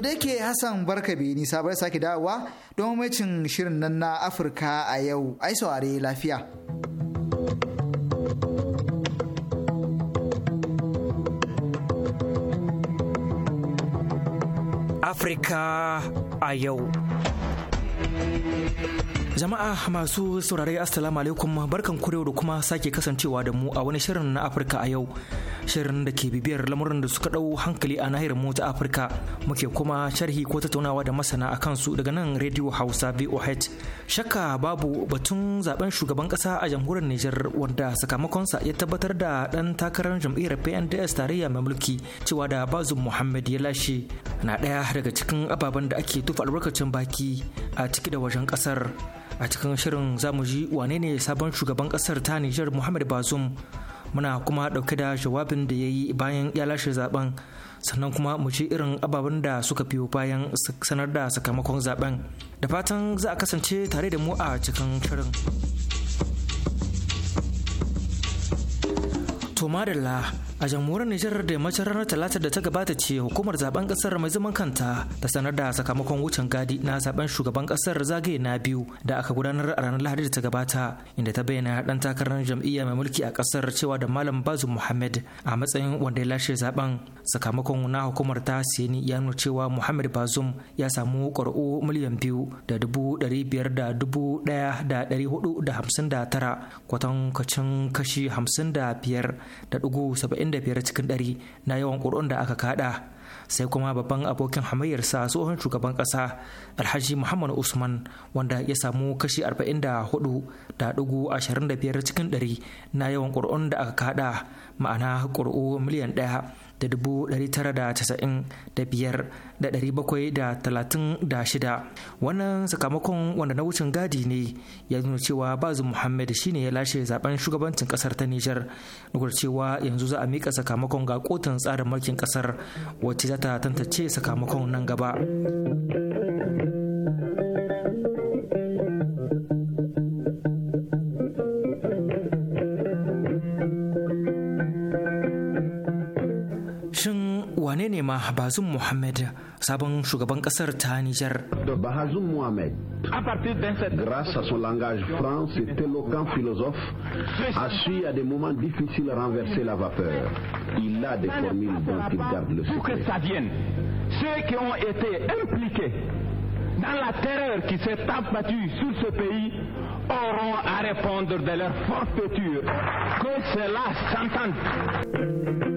To da yake Hassan barka bi nisa bai sake dawowa don mamacin shirin nan na Afirka a yau ai saurari lafiya. Afirka a yau. Jama'a masu saurare 'asalamu alaikum barkan kurewa da kuma sake kasancewa da mu a wani shirin na Afirka a yau. shirin da ke bibiyar lamurin da suka ɗau hankali a nahiyar mu ta Afirka muke kuma sharhi ko tattaunawa da masana a kansu daga nan Radio Hausa VOH. Shakka babu batun zaben shugaban ƙasa a jamhuriyar Nijar wanda sakamakonsa ya tabbatar da ɗan takarar jam'iyyar PNDS tarayya mai mulki cewa da Bazum Muhammad ya lashe na ɗaya daga cikin ababen da ake tufa albarkacin baki a ciki da wajen ƙasar. A cikin shirin zamu ji wane ne sabon shugaban ƙasar ta Nijar Muhammad Bazum muna kuma ɗauke da jawabin da ya yi bayan ya lashe zaben sannan kuma mu ci irin ababen da suka fiyo bayan sanar da sakamakon zaben da fatan za a kasance tare da mu a cikin shirin to madalla a jamhuriyar nijar da mace ranar talata da ta gabata ce hukumar zaben kasar mai zaman kanta ta sanar da sakamakon wucin gadi na zaben shugaban kasar zagaye na biyu da aka gudanar a ranar lahadi da ta gabata inda ta bayyana dan takarar jam'iyya mai mulki a kasar cewa da malam bazu muhammad a matsayin wanda ya lashe zaben sakamakon na hukumar ta seni ya nuna cewa muhammad bazum ya samu ƙwar'u miliyan biyu da dubu ɗari biyar da dubu ɗaya da ɗari hudu da hamsin da tara kwatankwacin kashi hamsin da biyar da dugu saba'in 35 cikin 100 na yawan ƙuri'un da aka kada sai kuma babban abokin hamayyarsa tsohon shugaban ƙasa alhaji muhammadu usman wanda ya samu kashi 44 da dugu 25 cikin 100 na yawan ƙuri'un da aka kada ma'ana ƙuri'u miliyan ɗaya da dubu da casa'in biyar da ɗari da shida wannan sakamakon wanda na wucin gadi ne ya nuna cewa bazu muhammad ne ya lashe zaben shugabancin kasar ta nijar duk cewa yanzu za a mika sakamakon ga kotun tsarin mulkin kasar wacce za ta tantance sakamakon nan gaba Mahabazoum Mohamed sabon shugaban kasar grâce à son langage franc, cet éloquent philosophe a su à des moments difficiles renverser la vapeur. Il a des formules dont il garde le secret. que ça vienne, ceux qui ont été impliqués dans la terreur qui s'est abattue sur ce pays auront à répondre de leur forfaiture. Que cela s'entende.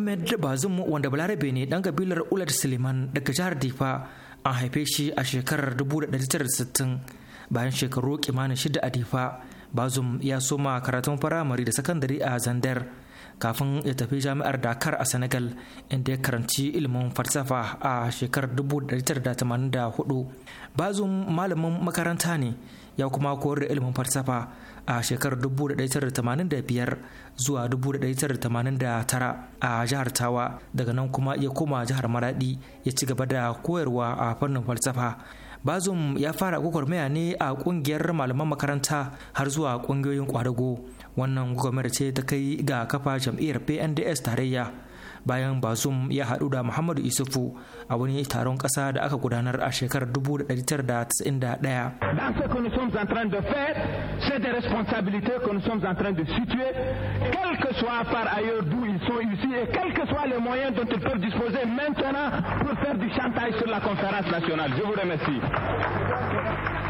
Ahmed Bazum wanda balarabe ne dan kabilar Ulad Suleiman daga jihar Difa an haife shi a shekarar 1960 bayan shekaru kimanin shida a Difa. Bazum ya soma karatun firamare da sakandare a Zandar kafin ya tafi jami'ar Dakar a Senegal inda ya karanci ilimin falsafa a shekarar 1984. Bazum malamin makaranta ne ya kuma koyar da ilimin falsafa a shekarar 1985 zuwa 1989 a jihar tawa daga nan kuma ya koma jihar maradi ya ci gaba da koyarwa a fannin falsafa bazum ya fara gwagwarmaya ne a kungiyar malaman makaranta har zuwa kungiyoyin kwadago wannan gwagwarmayar ce ta kai ga kafa jam'iyyar pnds tarayya taron Dans ce que nous sommes en train de faire, c'est des responsabilités que nous sommes en train de situer, quel que soit par ailleurs d'où ils sont ici et quels que soient les moyens dont ils peuvent disposer maintenant pour faire du chantage sur la conférence nationale. Je vous remercie.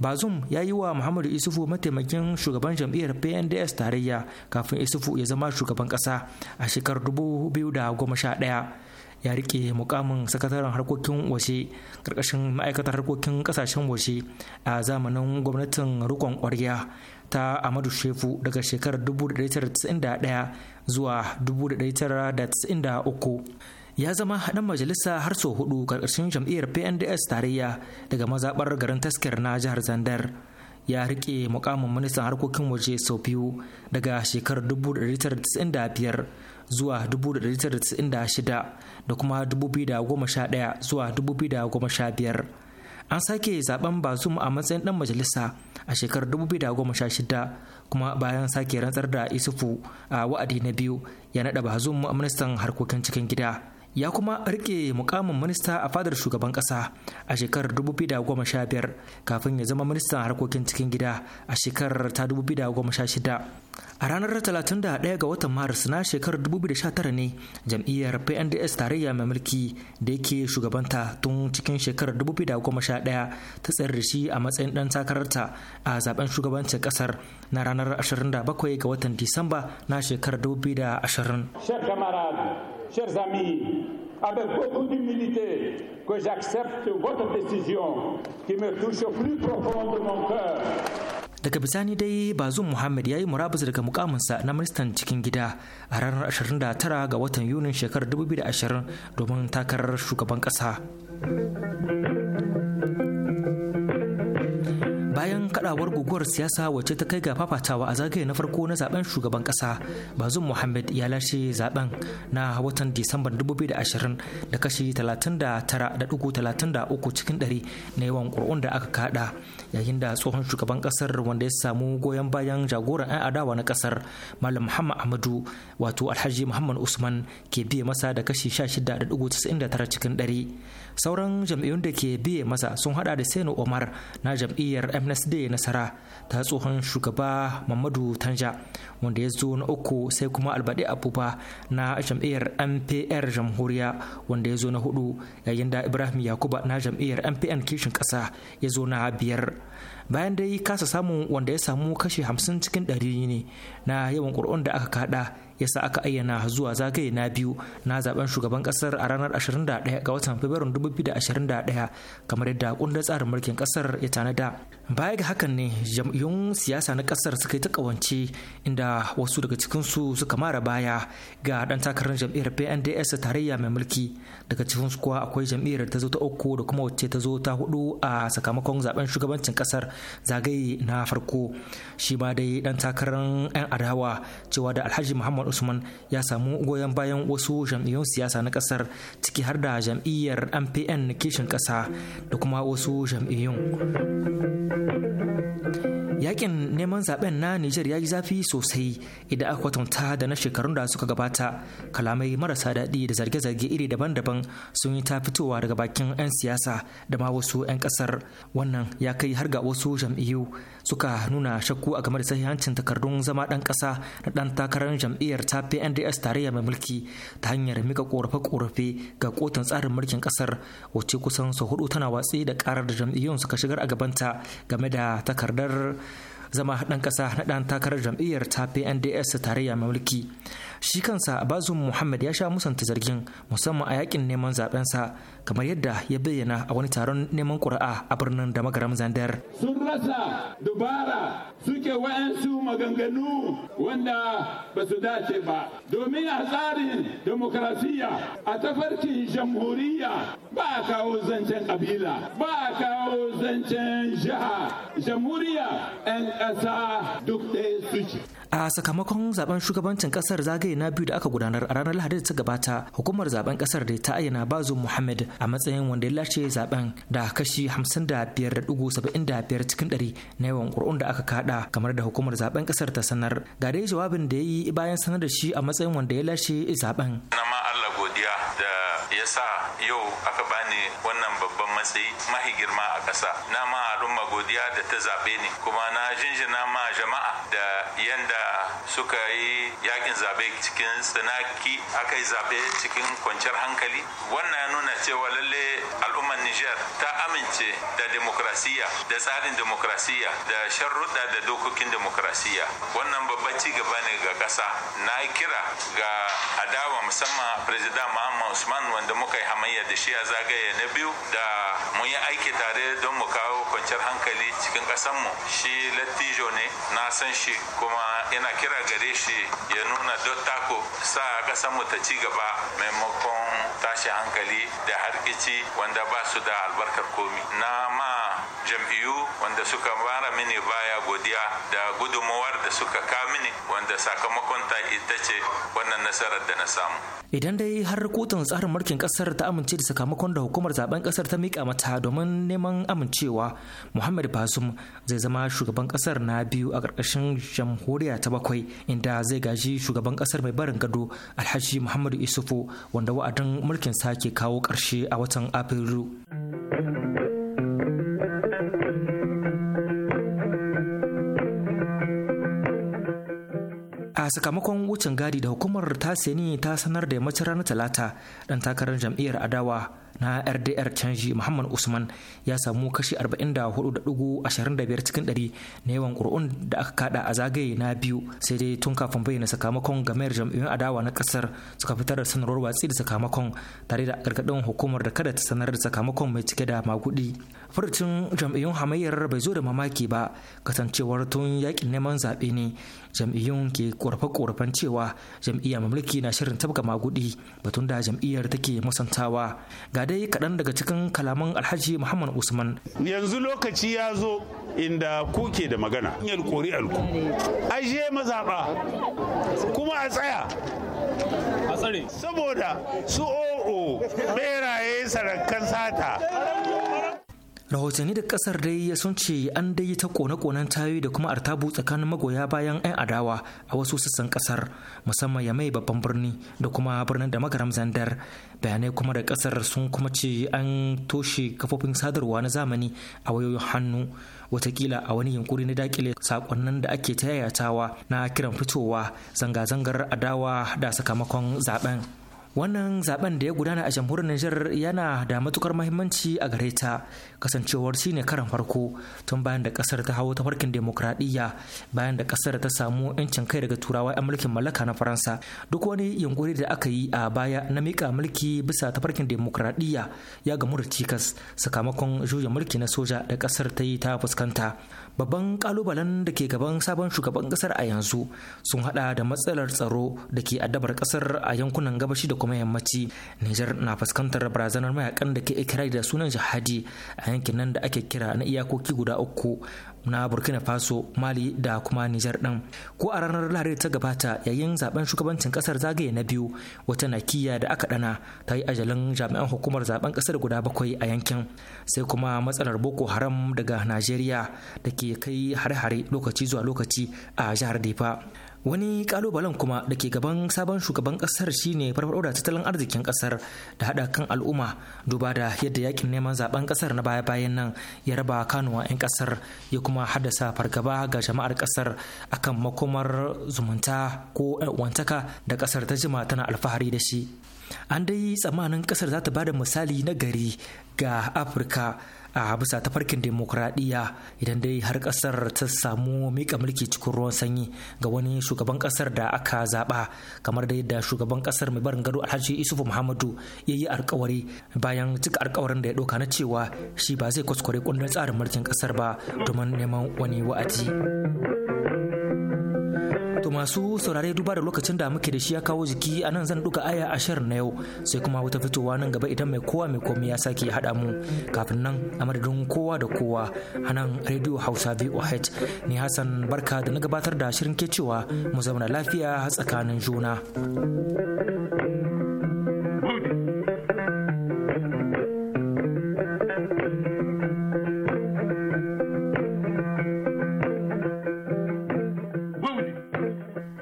bazum ya yi wa muhammadu isufu mataimakin shugaban jam'iyyar pnds tarayya kafin isufu ya zama shugaban kasa a shekarar 2011 ya rike mukamin sakataren harkokin waje karkashin ma'aikatar harkokin kasashen waje a zamanin gwamnatin rikon kwarya ta amadu shefu daga shekarar 1991 zuwa 1993 ya zama haɗin majalisa har sau hudu karkashin jam'iyyar pnds tarayya daga mazaɓar garin taskar na jihar zandar ya rike mukamin ministan harkokin waje sau biyu daga shekarar 1995 zuwa 1996 da kuma 2011 zuwa 2015 an sake zaben bazum a matsayin dan majalisa a shekarar 2016 kuma bayan sake rantsar da isufu a wa'adi na biyu ya naɗa bazum ministan harkokin cikin gida ya kuma rike mukamin minista a fadar shugaban kasa a shekarar 2015 kafin ya zama ministan harkokin cikin gida a shekarar ta 2016 a ranar 31 ga watan maris na shekarar 2019 ne jam'iyyar pnds tarayya mai mulki da yake shugabanta tun cikin shekarar 2011 ta tsayar da shi a matsayin dan takararta a zaben shugabancin kasar na ranar 27 ga watan disamba na shekarar 2020 chers amis, avec beaucoup d'humilité, que j'accepte votre décision qui me touche au plus profond de mon cœur. daga bisani dai bazum muhammad ya yi murabus daga mukaminsa na ministan cikin gida a ranar 29 ga watan yunin shekarar 2020 domin takarar shugaban kasa bayan kadawar guguwar siyasa wacce ta kai ga fafatawa a zagaye na farko na zaben shugaban kasa bazum muhammad ya lashe zaben na watan disamban 2020 da kashi 39.33 cikin 100 na yawan kur'un da aka kada yayin da tsohon shugaban kasar wanda ya samu goyon bayan jagoran 'yan adawa na kasar malam muhammad ahmadu wato alhaji muhammad usman ke biye masa da kashi 16.99 cikin 100 sauran jam'iyyun da ke biye masa sun hada da sani omar na jam'iyyar mnc Nasde Nasara ta tsohon shugaba Mamadu Tanja wanda ya zo na uku sai kuma Albade Abuba na jam'iyyar NPR Jamhuriya wanda ya zo na hudu yayin da Ibrahim Yakuba na jam'iyyar MPN kishin ƙasa ya zo na biyar. bayan dai kasa samun wanda ya samu kashi hamsin cikin 100 ne na yawan ƙuri'un da aka kada yasa aka ayyana zuwa zagaye na biyu na zaben shugaban kasar a ranar 21 ga watan fabrairun 2021 kamar yadda kundin tsarin mulkin kasar ya tanada baya ga hakan ne jam'iyyun siyasa na kasar suka yi ta kawance inda wasu daga cikinsu suka mara baya ga dan takarar jam'iyyar pnds tarayya mai mulki daga cikinsu kuwa akwai jam'iyyar ta zo ta uku da kuma wacce ta zo ta hudu a sakamakon zaben shugabancin kasar zagaye na farko shi ba dai dan takarar 'yan adawa cewa da alhaji muhammad usman ya samu goyon bayan wasu jam'iyyun siyasa na kasar ciki har da jam'iyyar mpn kishin kasa da kuma wasu jam'iyyun yakin neman zaben na Nijar ya yi zafi sosai idan aka kwatanta da na shekarun da suka gabata kalamai marasa daɗi da zarge-zarge iri daban-daban sun yi ta fitowa daga bakin 'yan siyasa da ma wasu 'yan kasar wannan ya kai har ga wasu jam'iyyu suka nuna shakku a game da sahihancin takardun zama ɗan ƙasa na ɗan takarar jam'iyyar jam'iyyar ta tarayya mai mulki ta hanyar mika korafe-korafe ga kotun tsarin mulkin ƙasar wacce kusan sau hudu tana watsi da karar da jam'iyyun suka shigar a gabanta game da takardar zama ɗan ƙasa na ɗan takarar jam'iyyar ta PNDS tarayya mulki. Shi kansa Bazum Muhammad ya sha musanta zargin musamman a yakin neman zaben sa kamar yadda ya bayyana a wani taron neman ƙuri'a a birnin da magaram Zandar. Sun rasa dubara suke wayansu maganganu wanda ba su dace ba. Domin a tsarin demokrasiya a tafarkin jamhuriya ba a kawo zancen kabila ba a kawo zancen jiha jamhuriya ƙasa duk ɗaya su a sakamakon zaben shugabancin kasar zagaye na biyu da aka gudanar a ranar lahadi da ta gabata hukumar zaben kasar da ta ayyana bazu muhammad a matsayin wanda ya lashe zaben da kashi 55.75 cikin ɗari, na yawan ƙuri'un da aka kada kamar da hukumar zaben kasar ta sanar ga dai jawabin da ya yi bayan sanar da shi a matsayin wanda ya lashe zaben godiya da ya sa yau aka bani wannan babban matsayi mahi girma a ƙasa na ma al'umma godiya da ta zaɓe ni kuma na aka yi zaɓe cikin kwanciyar hankali wannan ya nuna cewa lalle demokrasiya da tsarin demokrasiya da sharruɗa da dokokin demokrasiya wannan babban ci gaba ne ga ƙasa na kira ga adawa musamman president muhammad usman wanda muka yi hamayya da shi a zagaye na biyu da mun yi aiki tare don mu kawo kwanciyar hankali cikin ƙasanmu shi lattijo ne na san shi kuma yana kira gare shi ya nuna dottako sa ƙasanmu ta ci gaba maimakon tashin hankali da harkici wanda ba su da albarkar komi na ma jam'iyyu wanda suka mara mini baya godiya da gudunmawar da suka ka mini wanda sakamakon ta ita ce wannan nasarar da na samu idan dai har kotun tsarin mulkin kasar ta amince da sakamakon da hukumar zaben kasar ta mika mata domin neman amincewa muhammad basum zai zama shugaban kasar na biyu a ƙarƙashin jamhuriya ta bakwai inda zai gaji shugaban kasar mai barin gado alhaji muhammadu isufu wanda wa'adin mulkin sake kawo ƙarshe a watan afrilu a sakamakon wucin gadi da hukumar ta seni ta sanar da yammacin ranar talata dan takarar jam'iyyar adawa na rdr canji muhammad usman ya samu kashi 44.25 cikin 100 na yawan ƙuri'un da aka kada a zagaye na biyu sai dai tun kafin bayyana sakamakon gamayar jam'iyyun adawa na kasar suka fitar da sanarwar watsi da sakamakon tare da gargaɗin hukumar da kada ta sanar da sakamakon mai cike da magudi furucin jam'iyyun hamayyar bai zo da mamaki ba kasancewar tun yakin neman zaɓe ne jam'iyyun ke korafe-korafen cewa jam'iyya mamlaki na shirin tabga magudi batun da jam'iyyar take musantawa ga dai kaɗan daga cikin kalaman alhaji muhammad usman yanzu lokaci ya zo inda kuke da magana yal kori alku aje mazaɓa kuma a tsaya a tsare saboda su o'o beraye sarakan sata rahotanni da kasar dai ya sun ce an dai ta kone-konen tayoyi da kuma artabu tsakanin magoya bayan 'yan adawa a wasu sassan kasar musamman ya mai babban birni da kuma birnin da magaram zandar bayanai kuma da kasar sun kuma ce an toshe kafofin sadarwa na zamani a wayoyin hannu watakila a wani yunkuri na dakile sakonnin da ake ta yayatawa na kiran fitowa zanga-zangar adawa da sakamakon zaben wannan zaben da ya gudana a jamhuriyar Nijar yana da matukar mahimmanci a gare ta kasancewar shine karan farko tun bayan da kasar ta hawo tafarkin demokradiyya bayan da kasar ta samu yancin kai daga turawa 'yan mulkin mallaka na Faransa duk wani yunkuri da aka yi a baya na mika mulki bisa tafarkin demokradiyya ya gamu da cikas sakamakon juya mulki na soja da kasar ta yi ta fuskanta babban kalubalen da ke gaban sabon shugaban kasar a yanzu sun hada da matsalar tsaro da ke addabar kasar a yankunan gabashi da kuma kuma yammaci Nijar na fuskantar barazanar mayakan da ke ikirari da sunan jihadi a yankin nan da ake kira na iyakoki guda uku na burkina faso mali da kuma nijar ɗin ko a ranar lahadi ta gabata yayin zaben shugabancin kasar zagaye na biyu wata nakiya da aka dana ta yi ajalin jami'an hukumar zaben kasar guda bakwai a yankin sai kuma matsalar boko haram daga najeriya da ke kai hare-hare lokaci zuwa lokaci a jihar difa wani kalubalen kuma da ke gaban sabon shugaban kasar shine farfado da tattalin arzikin kasar da hada kan al'umma duba da yadda yakin neman zaben kasar na baya bayan nan ya raba kanuwa 'yan kasar ya kuma haddasa fargaba ga jama'ar kasar akan makomar zumunta ko wantaka da kasar ta jima tana alfahari da shi an dai tsammanin kasar za ta bada misali na gari ga afirka a bisa farkin demokradiyya idan dai har kasar ta samu mika mulki cikin ruwan sanyi ga wani shugaban kasar da aka zaba kamar da yadda shugaban kasar mai barin gado alhaji isufu muhammadu ya yi alkawari bayan cika alkawarin da ya ɗauka na cewa shi ba zai kwaskware kundin tsarin mulkin kasar ba domin neman wani wa'adi. masu saurare duba da lokacin da muke da shi ya kawo jiki a nan zan duka aya ashirin na yau sai kuma wata fitowa nan gaba idan mai kowa mai komai ya sake haɗa mu kafin nan a madadin kowa da kowa a nan rediyo Hausa VOH ni Hassan Barka da na gabatar da shirin ke cewa mu zauna lafiya tsakanin juna.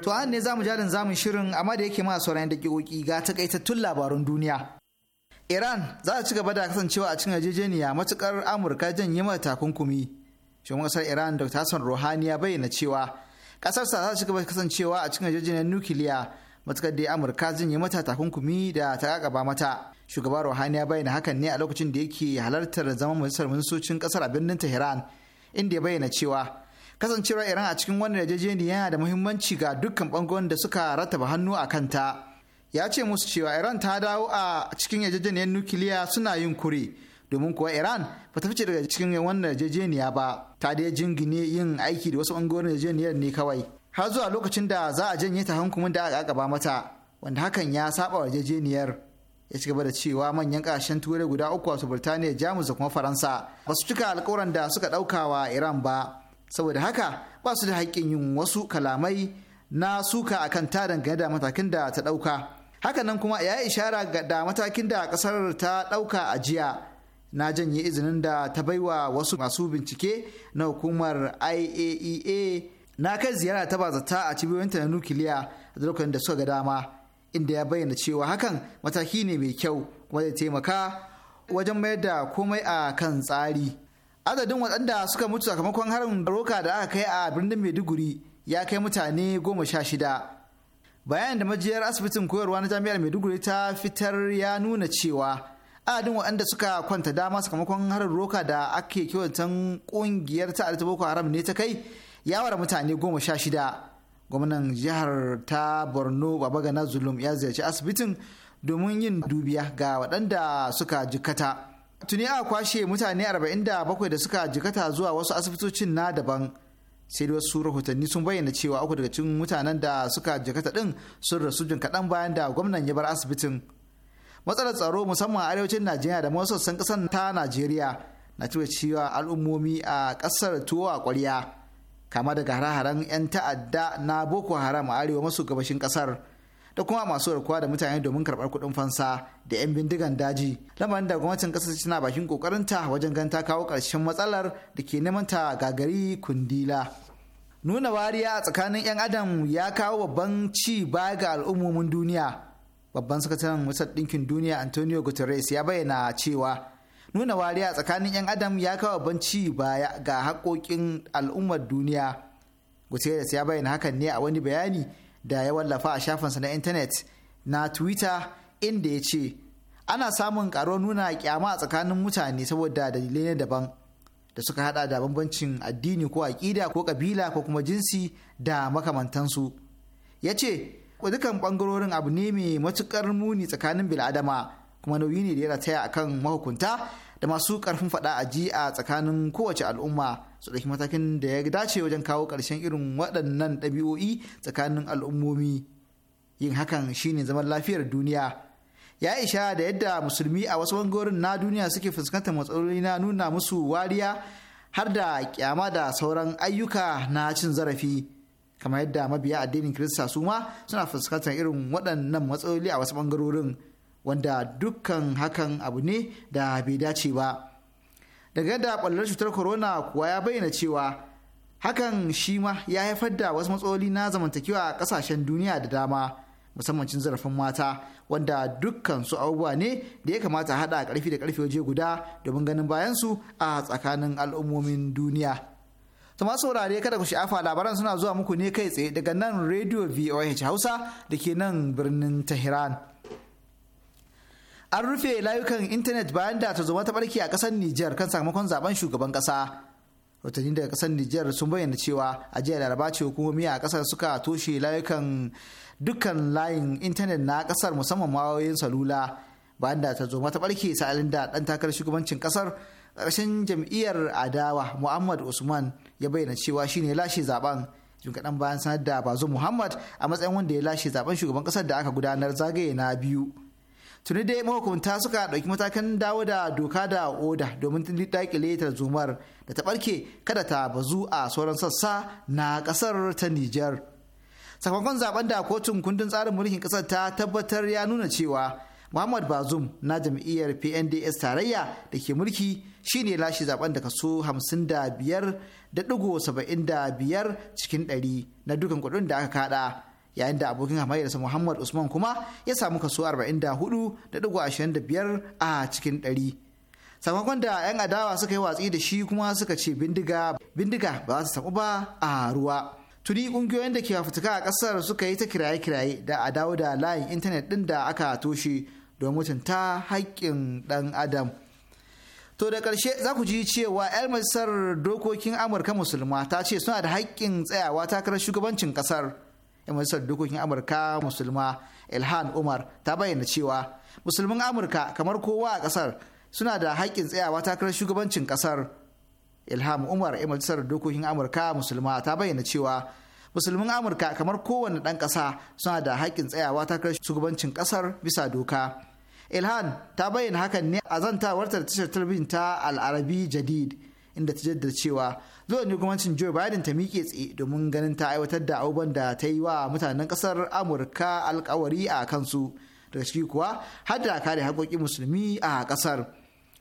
to an ne zamu jarin zamun shirin amma da yake ma sauran daƙiƙoƙi ga takaitattun labarun duniya Iran za ta ci gaba da kasancewa a cikin yarjejeniya matukar Amurka janye mata takunkumi. Shugaban kasar Iran Dr. Hassan Rouhani ya bayyana cewa kasarsa za ta ci gaba da kasancewa a cikin yarjejeniyar nukiliya matukar da Amurka janye mata takunkumi da ta kakaba mata. Shugaba Rouhani ya bayyana hakan ne a lokacin da yake halartar zaman majalisar ministocin kasar a birnin Tehran inda ya bayyana cewa kasancewar iran a cikin wannan yarjejeniya yana da muhimmanci ga dukkan bangon da suka rataba hannu a kanta ya ce musu cewa iran ta dawo a cikin yarjejeniyar nukiliya suna yin kure domin kuwa iran ba ta fice daga cikin wannan yarjejeniya ba ta dai jingine yin aiki da wasu bangon yarjejeniyar ne kawai har zuwa lokacin da za a janye ta hankumin da aka gaba mata wanda hakan ya saba wa yarjejeniyar ya ci gaba da cewa manyan kasashen turai guda uku wasu burtaniya jamus da kuma faransa ba su cika alkawuran da suka ɗauka wa iran ba saboda haka ba su da haƙƙin yin wasu kalamai na suka akan ta dangane da matakin da ta ɗauka hakanan kuma ya ishara ga da matakin da ƙasar ta ɗauka a jiya na janye izinin da ta baiwa wasu masu bincike na hukumar iaea e na kai ziyara ta bazata a cibiyoyinta na nukiliya a lokacin da suka ga dama inda ya bayyana cewa hakan mataki ne mai kyau kuma zai taimaka wajen mayar da komai a kan tsari adadin waɗanda suka mutu sakamakon harin roka da aka kai a birnin maiduguri ya kai mutane goma sha shida bayan da majiyar asibitin koyarwa na jami'ar maiduguri ta fitar ya nuna cewa adadin waɗanda suka kwanta dama sakamakon harin roka da ake kyautan ƙungiyar ta ta boko haram ne ta kai ya wara mutane goma sha shida gwamnan jihar ta borno babagana zulum ya ziyarci asibitin domin yin dubiya ga waɗanda suka jikkata tuni a kwashe mutane 47 da suka jikata zuwa wasu asibitocin na daban sai da wasu rahotanni sun bayyana cewa uku daga cikin mutanen da suka jikata din sun rasu jin kaɗan bayan da gwamnan ya bar asibitin matsalar tsaro musamman a arewacin najeriya da masu sassan ƙasar ta najeriya na cewa cewa al'ummomi a kasar tuwo a ƙwarya kama daga hare-haren 'yan ta'adda na boko haram a arewa maso gabashin ƙasar da kuma masu rakuwa da mutane domin karɓar kuɗin fansa da 'yan bindigan daji lamarin da gwamnatin ƙasar tana bakin ƙoƙarinta wajen gan ta kawo ƙarshen matsalar da ke neman ta gagari kundila nuna wariya a tsakanin 'yan adam ya kawo babban ci baya ga al'ummomin duniya babban sakataren wasan ɗinkin duniya antonio guterres ya bayyana cewa nuna wariya a tsakanin 'yan adam ya kawo babban ci baya ga haƙoƙin al'ummar duniya guterres ya bayyana hakan ne a wani bayani da ya wallafa a shafinsa na intanet na twitter inda ya ce ana samun karo nuna kyama a tsakanin mutane saboda dalilai na daban da suka hada da bambancin addini ko aƙida ko ƙabila ko kuma jinsi da makamantansu ya ce dukkan ɓangarorin abu ne mai matukar muni tsakanin bil'adama kuma nauyi ne da ya rataya akan mahukunta da masu ƙarfin faɗa a ji a tsakanin kowace al'umma su ɗauki matakin da ya dace wajen kawo ƙarshen irin waɗannan ɗabi'o'i tsakanin al'ummomi yin hakan shine zaman lafiyar duniya ya isha da yadda musulmi a wasu bangarorin na duniya suke fuskantar matsaloli na nuna musu wariya har da kyama da sauran ayyuka na cin zarafi kamar yadda mabiya addinin kirista su ma suna fuskantar irin waɗannan matsaloli a wasu bangarorin wanda dukkan hakan abu ne da bai dace ba. daga da ɓallar cutar corona kuwa ya bayyana cewa hakan shi ma ya haifar da wasu matsaloli na zamantakewa a ƙasashen duniya da dama musamman cin zarafin mata wanda dukkan su abubuwa ne da ya kamata haɗa ƙarfi da ƙarfi waje guda domin ganin bayansu a tsakanin al'ummomin duniya. Sama masu saurare kada ku sha'afa labaran suna zuwa muku ne kai tsaye daga nan Radio VOH Hausa da ke nan birnin Tehran. an rufe layukan intanet bayan da ta zama ta barke a kasar Nijar kan sakamakon zaben shugaban kasa. Rotanni daga kasar Nijar sun bayyana cewa a jiya laraba ce hukumomi a kasar suka toshe layukan dukkan layin intanet na kasar musamman mawayoyin salula bayan da ta zama ta barke sa'alin da dan takarar shugabancin kasar ƙarshen jam'iyyar adawa Muhammad Usman ya bayyana cewa shine lashe zaben jin kaɗan bayan sanar da bazo Muhammad a matsayin wanda ya lashe zaben shugaban kasar da aka gudanar zagaye na biyu. tuni dai mahukunta suka ɗauki matakan dawo da doka da oda domin daƙile tarzomar da ta ɓarke kada ta bazu a sauran sassa na ƙasar ta Nijar. Sakamakon zaben da kotun kundin tsarin mulkin ƙasar ta tabbatar ya nuna cewa Muhammad Bazum na jam'iyyar PNDS tarayya da ke mulki shine lashe zaben da kaso 55.75 cikin ɗari na dukan kuɗin da aka kaɗa. yayin da abokin hamayyarsa Muhammad Usman kuma ya samu kaso 44.25 a cikin ɗari. sakamakon da 'yan adawa suka yi watsi da shi kuma suka ce bindiga bindiga ba za su samu ba a ruwa tuni kungiyoyin da ke fafutuka a kasar suka yi ta kiraye-kiraye da a dawo da layin intanet ɗin da aka toshe don mutunta haƙƙin ɗan adam to da ƙarshe za ku ji cewa 'yar majalisar dokokin amurka musulma ta ce suna da haƙƙin tsayawa takarar shugabancin ƙasar 'yan majalisar dokokin amurka musulma ilhan umar ta bayyana cewa musulmin amurka kamar kowa a kasar suna da haƙƙin tsayawa takarar shugabancin kasar ilham umar 'yan majalisar dokokin amurka musulma ta bayyana cewa musulmin amurka kamar kowane ɗan ƙasa suna da haƙƙin tsayawa takarar shugabancin kasar bisa doka ilhan ta bayyana hakan ne a zantawarta da tashar talabijin ta al'arabi jadid inda ta jaddada cewa zuwa ne gwamnatin Joe Biden ta miƙe tsaye domin ganin ta aiwatar da abubuwan da ta yi wa mutanen ƙasar Amurka alkawari a kansu daga ciki kuwa har da kare haƙoƙin musulmi a ƙasar.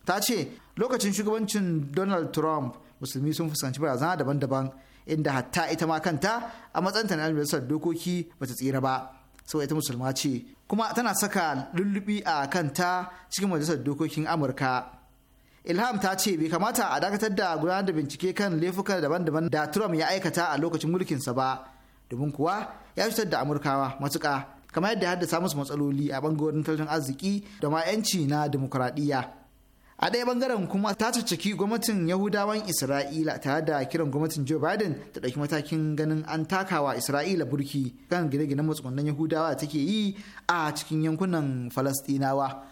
Ta ce lokacin shugabancin Donald Trump musulmi sun fuskanci barazana daban-daban inda hatta ita ma kanta a matsayinta na majalisar dokoki bata tsira ba saboda ita musulma ce kuma tana saka lullubi a kanta cikin majalisar dokokin Amurka. ilham ta ce bai kamata a dakatar da gudanar da bincike kan laifuka daban-daban da trump ya aikata a lokacin mulkinsa ba domin kuwa ya fitar da amurkawa matuka kamar yadda haddasa musu matsaloli a bangarorin tattalin arziki da ma 'yanci na demokuraɗiyya a ɗaya bangaren kuma ta caccaki gwamnatin yahudawan isra'ila tare da kiran gwamnatin joe biden ta ɗauki matakin ganin an takawa isra'ila burki kan gine-ginen matsugunan yahudawa da take yi a cikin yankunan falastinawa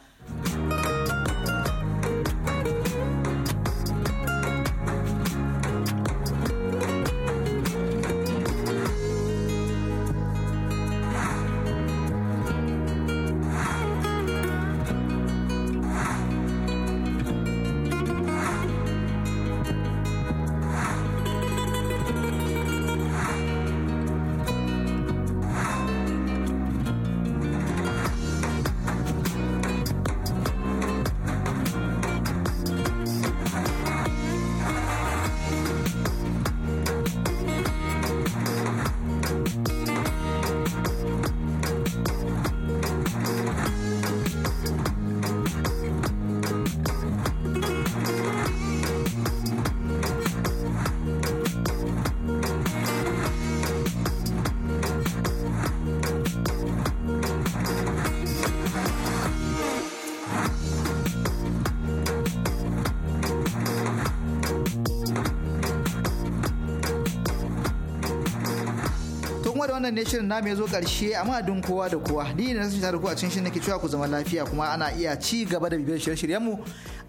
wannan ne shirin na mai zo karshe a madadin kowa da kowa ni ne nasu tare da a cikin shirin nake cewa ku zama lafiya kuma ana iya ci gaba da bibiyar shirye-shiryen mu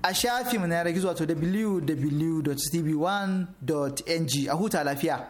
a shafin na yanar gizo wato www.tv1.ng a huta lafiya.